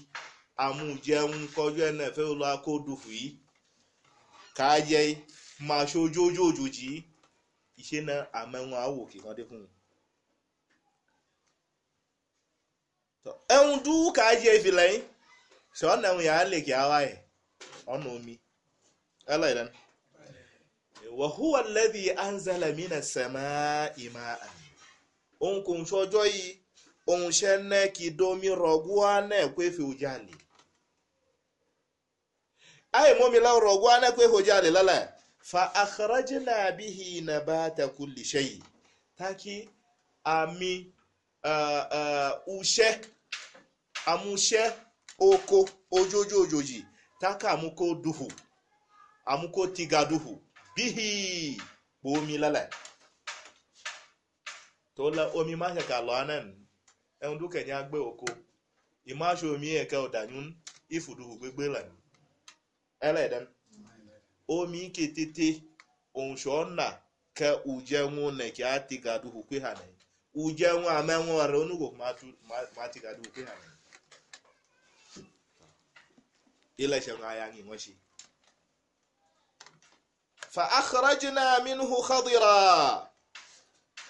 amu je ŋu kojo ene fe lo ako dufu yi ka yei ma sojojojo ji ise na ame ŋo awu ki kan de fun ɛŋu duu ka a yie vilɛ yi sɛ ɔna ɛŋu yaa le kia wa yi ɔna omi ɛlɛ yi dɛ wa huwa alladhi anzala mina samaa'i ma'an òun kò ń sọjọ́ yìí òun ṣe ń nẹ́ kí domi rọ̀gùwá náà kó efe ojú àlè ayé mọ́mi lọ́wọ́ rọ̀gùwá náà kó efe ojú àlè lọ́la fa akhrajna bihi nabata kulli shay taki ami. Eh, eh, uṣẹ́ amúṣẹ́ oko ojojo òjòjì táka amuko duhu, amuko tiga duhu bíhì gbomi omi lele. la omi má ṣe ka lọ́ anan ẹ̀hún dúkẹ́ ní agbẹ́ oko ìmáṣe omi ẹ̀kẹ́ ọ̀dàyún ìfùdùhù gbégbé lẹ́nu ẹlẹ́dẹ́n omi kétété òǹṣọ́ ọ kẹ́ ùjẹ́ wọn nà kí á ti pé hàn ujenwa amenwa ware onugo mati kadu kenya ne ila shan ayangi washi fa akhrajna minhu khadira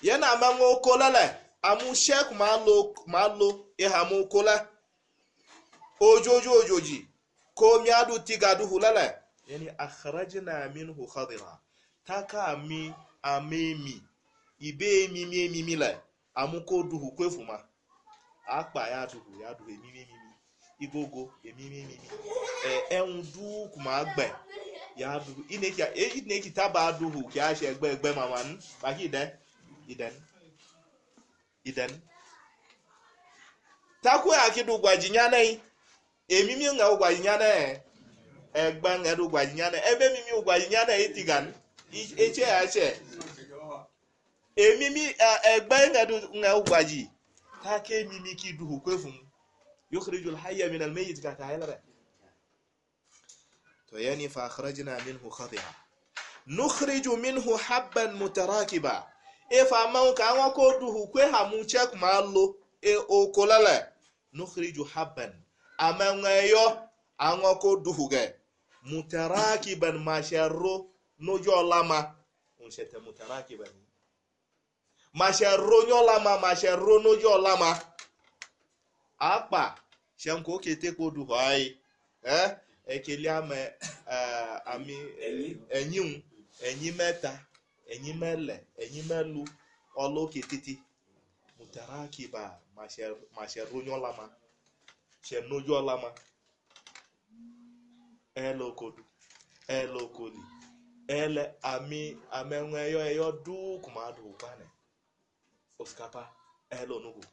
yana manwa okolale amu sheik ma lo ma lo ihamu e okola ojoju ojoji ko miadu tigadu hulale yani akhrajna minhu khadira taka mi amemi ibe mi mi mi mi amukoduhu kwefuma akpa ya duhu ya duhu emimi igogo emimi mimi ẹhun e, ma gbẹ ya duhu ineki e, taba duhu kí a ṣe ẹgbẹ ẹgbẹ mama nu baki idẹ idẹn idẹn takwe akidu emimi nga gwajinyana e. yi ẹgbẹ nga du mimi eche ya èmi mi ẹgbẹ́ ìnà ọgbàjì táàkì èmi mi kì í dùn òkú fún yukhriju al-hayya min al-mayyit kàkà ayélujára tó yẹ ni fa akhrajna minhu khatiha nukhriju minhu habban mutarakiba ifa man ka wọn kò dùn òkú ha mú check máa lo òkú lálẹ́ nukhriju habban amẹ́wẹ́yọ́ àwọn kò dùn òkú mutarakiban máa ro lójú ọlá ma ṣe tẹ mutarakiban masheru onye ọlama masheru n'onye ọlama apa? shenko okete kpodu anyị ee ekele ama ami enyim enyimeta enyimele enyimelu ọla oketiti mụtara akiba masheru onye ọlama shenko onye ọlama ele okodu ele okoli ele ami amenwe eyo eyo duk ma adụ osikapa ele onugbu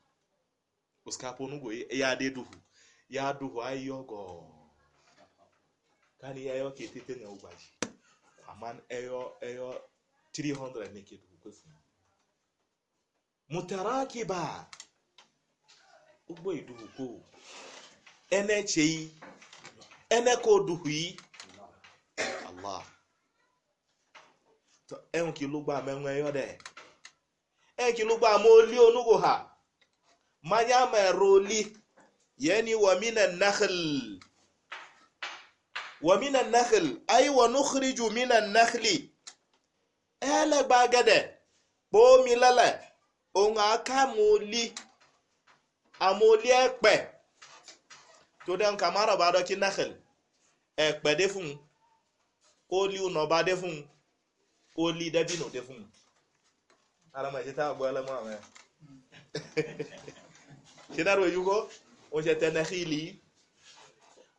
osikapa onugbu ya deduhu ya duhu ayi ogo kani yayo ketete na ugbaji aman eyo eyo 300 ne keduhu kwefuna mutarakiba ugbo iduhu ko enechei eneko duhu yi allah to enki lugba menwe yo de ekilugbo amaoli onugbu ha mmanya mere oli yani waminan nahl waminan nahl ay wa nukhriju minan nakhli ele gbagede bomi lele ohun aka amaoli amaoli ẹ̀pẹ̀ tó dẹ́n kamara bá dọ́kí nahl ẹ̀pẹ̀ dé fún oli unọba dé fún oli dẹ́bìnú dé fún alama ṣe táwọn gbọ́ ọlọ́mọ àwọn ẹ̀ ṣe dárò ojú kọ́ wọ́n ṣe tẹ nàkìlì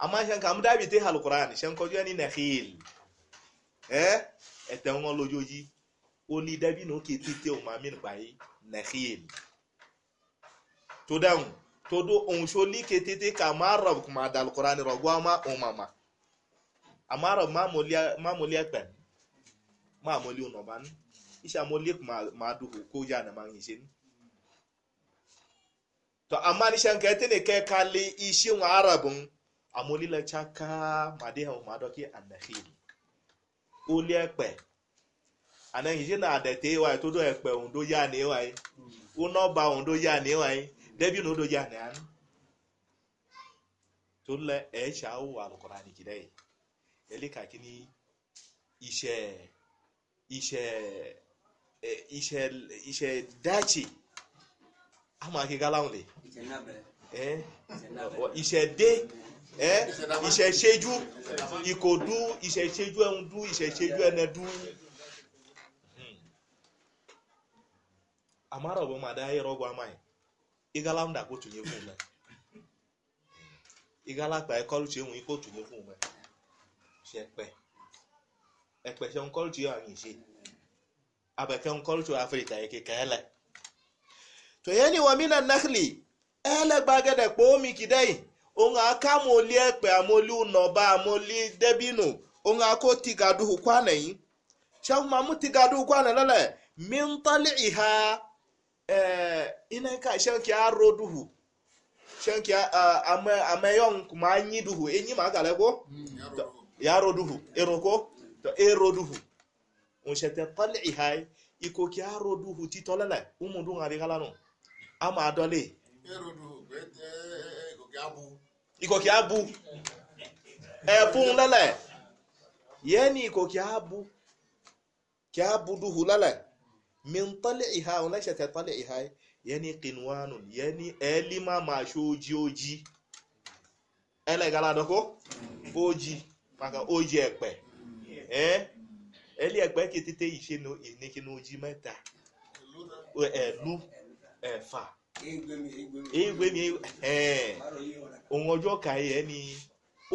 àmọ́ ṣe ń kà mú dábì tẹ alukurani ṣe ń kọjú ẹni nàkìlì ẹ ẹ̀tẹ̀ wọn lójoojí ó ní dábì náà kì í tètè ọmọ àmì nípa yìí nàkìlì tó dáhùn tó dó ohun ṣó ní kì í tètè kà má rọ̀ kùmà dàlukurani rọ̀ gbọ́ ọmọ ọmọ àmà àmọ́ rọ̀ má mọ̀lẹ́ ẹgbẹ̀rún má isha molek ma duhu ko ya na man ishin to amma ni shan kai tene kai kali ishin arabun amoli la chaka made ha ma doki anakhil oli epe anan ishin na adete wa to do epe un do ya ni wa yi uno ba un do ya ni wa yi debi no do ya ni an to le e sha wa alqur'ani kidai elika kini ishe ishe ìṣẹ̀dáṣe eh, a máa kí gáláhùn lè ìṣẹ̀dé ìṣẹ̀ṣẹ́jú ìkòdú ìṣẹ̀ṣẹ́jú ẹ̀húndú ìṣẹ̀ṣẹ́jú ẹ̀nẹ́dú. amara bụ ma daa ịrọ ọgwụ amaghị ịgala mda ka otunye kwu ume ịgala akpa ekọlụchi enwe ike otunye kwu ume si ekpe ekpe si nkọlụchi ya anyị si abakan culture africa yake kala to yani wa minan gbagada po mi kidai on aka mo li amoli amoli debinu on ako tigadu na yi chan ma tigadu hukwa na lale min taliha eh, ina ka shan ki ki kuma anyi duhu enyi ma mm, ya unshete tal'iha ikoki aroduhu titolele umudu ngarigalano ama adole ikoki abu efun lele yeni ikoki abu ki duhu lele min tal'iha unshete tal'iha yeni qinwanun yeni elima mashoji oji ele galadoko oji maka oji ekpe eh eli ẹgba ketete ifi na eneke na meta elu efa igbemi ọnwụ ọdụ ọka ya enyi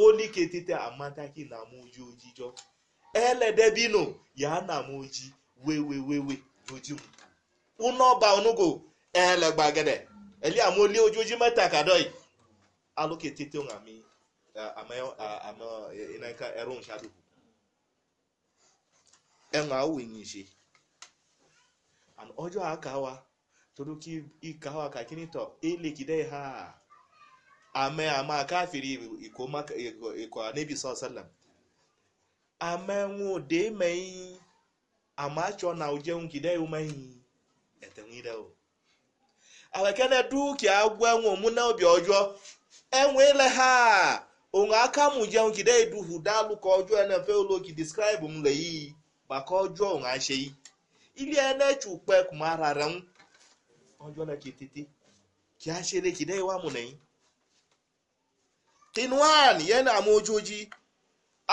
olikete ama ntakị na amụ oji ojijọ ele debino ya na amụ oji wewe wewe oji mụ ụlọ ọba onugbu ele gbagede eli amụ oji oji meta kadoi ị alụ ketete ụra amị ụlọ ụnaka irụ nsadụ. engawinyishi an ojo akawa turuki ikawa kakinito ili kidai ha ame ama kafiri ikoma ikwa nabi sallam ame nwu de mai ama achọ na uje ngidai umai etenira o awekene duki agwa nwu na obi ojo enwele ha onwe aka mu je duhu dalu ka ojo na ologi describe bakọjọ ong'ashei ili ene chupe kumararan ọjọna kititi kiashele kidaiwa munai tinwan yana amojoji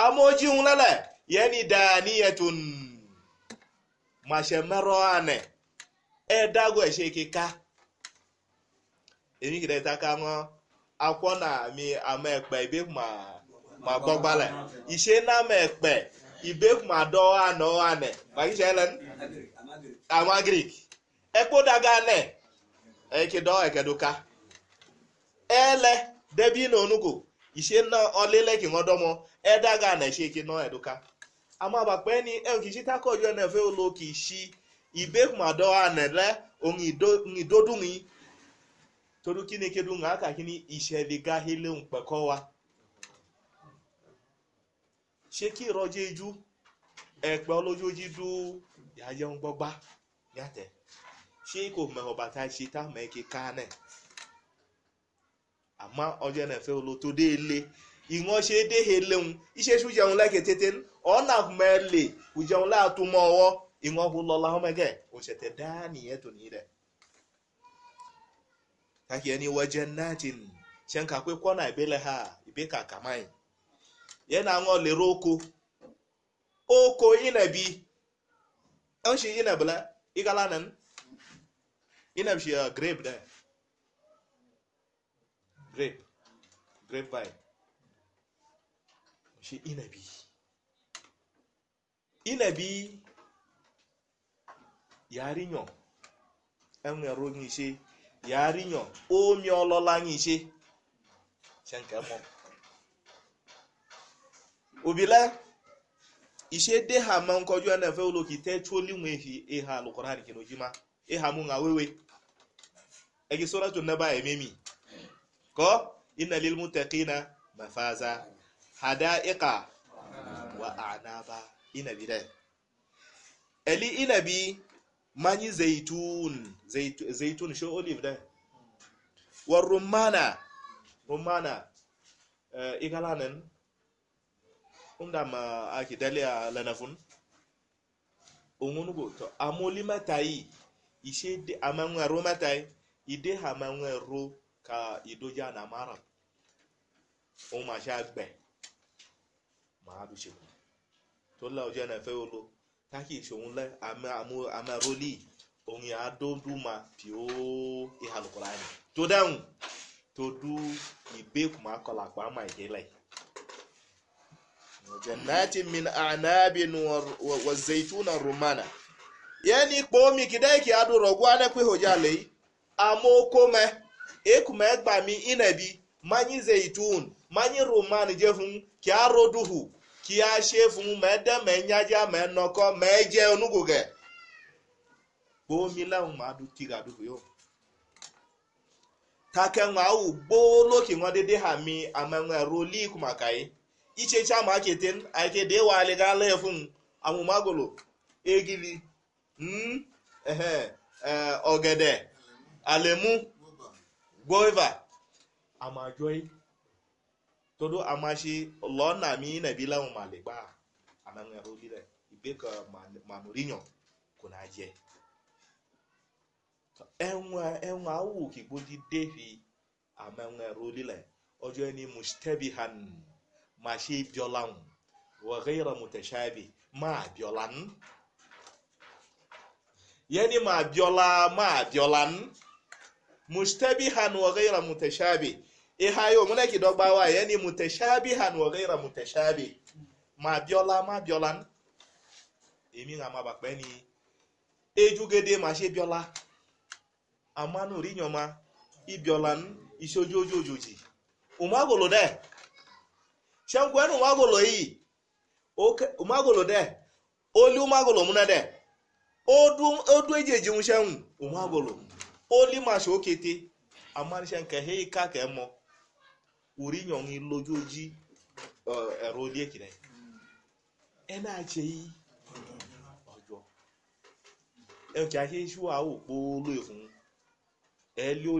amoji unlala yani daniyatun mashemero ane edago eshekika èmi kìí dẹ́ta ká mọ́ akọ́nà mi àmọ́ ẹ̀pẹ́ ìbí mà gbọ́gbálẹ̀ ìṣe náà mọ̀ ẹ̀pẹ́ ibekumadoa noane magijelen nẹ! ekpodagane ekedo ekeduka ele debi e na onugo ise na olele ki ngodomo edaga na ise ki no eduka ama ba e ki sita ko jo na fe olo ki shi ibekumadoa nele ongido ngidodungi toru kini kedunga aka kini ise hele ṣé kí ìrọjí ijú ẹ̀pẹ́ olójoojú dú ìyájẹun gbọ́gbá yàtẹ̀ ṣé kò mọ̀ ọ̀bà tá a ṣe tá a mọ̀ ẹ́kẹ́ ká náà àmọ́ ọjọ́ náà olo tó dé ilé ìwọ́n ṣe dé eléhun iṣẹ́ jẹun lẹ́kẹ̀ tètè kò jẹun kò tó wọ́n jẹ́ náà ti ṣe ń kọ́nà ìbílẹ̀ ha ìbí kàkà ya na aṅụ lere oko oko inabi an shi inab la igala nan inab shi uh, grape da grape grape vine shi inabi inabi yarinyo ẹnu ẹ̀rọ yìí ṣe yàrá yàn ó mi ọlọ́lá yìí ṣe ṣe obila ishe de ha ma nkọjọ ya na fe ụlọ ka ite chuoli nwe ehi ịha e alụkwara ha rikere e ha mu nga wewe egi sora to na ba ememi ko inna lil muttaqina mafaza hada'iqa wa a'naba inabi dai eli inabi manyi zaitun zaitun shi olive dai war rumana rumana igalanan eh, e ma a lanafun ongunugo to amoli matai ishede amangwe ro matai ide ha mangwe ro ka idoja na mara o ma sha gbe ma du se to la oje na fe olo taki se un le ama amu ama li, du ma pio ihal qur'ani to to du ibe pa ma ide wajannatin min anabin wa zaitunan rumana yani kpomi kidaiki adorogu anekwe hojalei amokome ekume gbami inabi manyi zaitun manyi roman jefun ki aroduhu ki a ṣe fún mẹ́ẹ́dẹ́ mẹ́ẹ́nyájá mẹ́ẹ́nọkọ́ mẹ́ẹ́jẹ́ onúgògẹ́ gbomi lẹ́hùn máa dùn tìrà dùn yóò takẹ́hùn àwù gbóó lókè wọn dédé hàmí àmẹ́hùn ẹ̀rọ líìkù màkàyé. ichecha maketen aike da yawa aliga laifin amumagolo egili ọ̀gẹ̀dẹ̀ àlẹ̀mú gbọ́ìvà àmàjọ́í todo àmàṣe lọ́nà mi nàbí láwọn màlẹ̀gbà àmàmì àrólílẹ̀ ìgbéka màmúríyàn kò náà jẹ ẹ̀wọ̀n ẹ̀wọ̀n awò kìgbódì défì àmàmì ma she biolan wa ghayra mutashabi ma biolan yani ma biola ma biolan mushtabihan wa ghayra mutashabi e hayo muna ki dogbawa yani mutashabihan wa ghayra mutashabi ma biola ma biolan èmi ràn máa bà pẹ́ ni ejúgede máa ṣe ma ibíọ́lá ń iṣẹ́ ojú ojú òjòjì òun á gòlò shangwenu magolo yi o magolo de oli o magolo muna de odu odu eji eji nshen o magolo oli ma so kete amari shen ka he ka ka mo uri yon yi oji ẹ̀rọ orí èkìrẹ́ ẹ náà ṣe yí ọjọ́ ẹ kì í ṣe iṣu àwò polo ìfún ẹ lé ó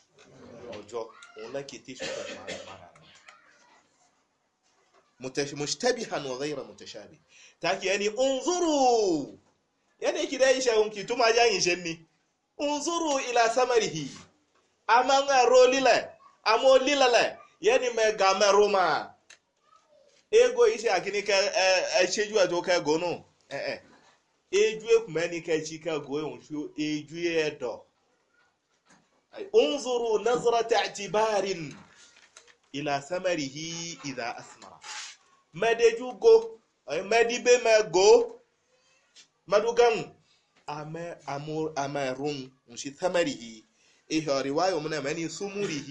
ọjọ́ òun lẹ́kì tẹ́sù tẹ̀sù ara rẹ̀ mushtabihan wa ghayra mutashabi taki yani unzuru yani kidai shagun kituma jangin shenni unzuru ila samarihi amanga rolile amo lilale yani me gameruma ego isi akini ka echeju ato ka gonu eh eh eju ekumeni ka chi ka go ehun shu eju edo انظروا نظرة اعتبار إلى ثمره إذا أثمر مدجو جو مدبي ما جو مدوغان أما أمور أما روم مش ثمره إيه رواية من أماني ثمره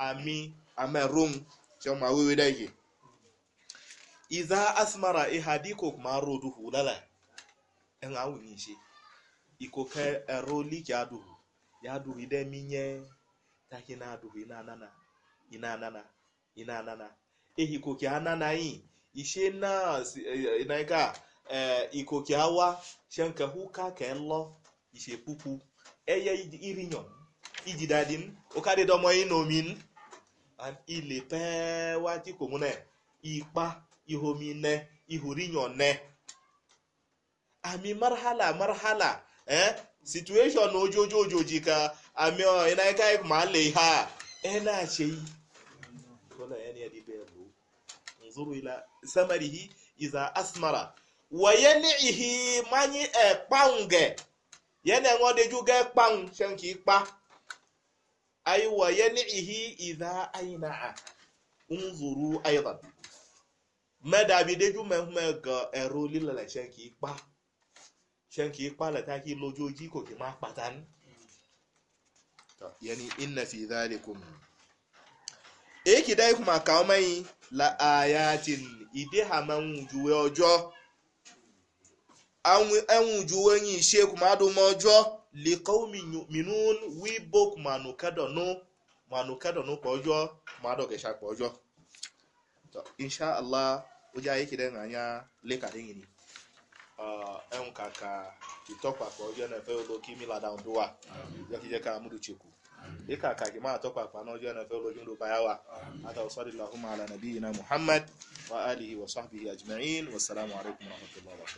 أمي أما روم شو ما ويدايه إذا أثمر إيه هديكو ما رودوه لا لا إن أوني شيء إيكو كا رولي كادوه yaduhu ide minye taki naduhu inanana inanana inanana ehikoki ananayi ishe na inaika e e, e, eh ikoki awa shenka huka ken lo ishe pupu eye irinyo ijidadin okade domo inomin and ile pe wati komune ipa ihomine ihurinyo ne ami marhala marhala eh situation ojojojoji ka ameo inaika ik mahali ha ena chei kola yani hadi bebu nzuru ila samarihi iza asmara wa yan'ihi mani e pange yana ngode juga pang shanki pa ay wa yan'ihi iza aina unzuru aidan mada bideju mehme ga eroli la shanki pa can ki kwala ta ki lojoji ko ki ma patan yani inna fi dhalikum e ki dai kuma ka mai la ayatin ide ha man juwe ojo anwu anwu juwe yin ise kuma do mo ojo li qaumin yu'minun wi bok manu kadonu manu kadonu po ojo ma do ke sha po ojo to insha Allah o ja yake da anya leka din ni enkaka itọkpakpa ọjọọ na-efe ụlọ ka imila da ndụwa yakije ka amụrụ chekwu dịka ka gị ma tọkpakpa na ọjọọ na-efe ụlọ jụrụ bayawa ada wasallallahu ala nabiyina muhammad wa alihi wa sahbihi ajma'in wassalamu alaikum wa wabarakatuh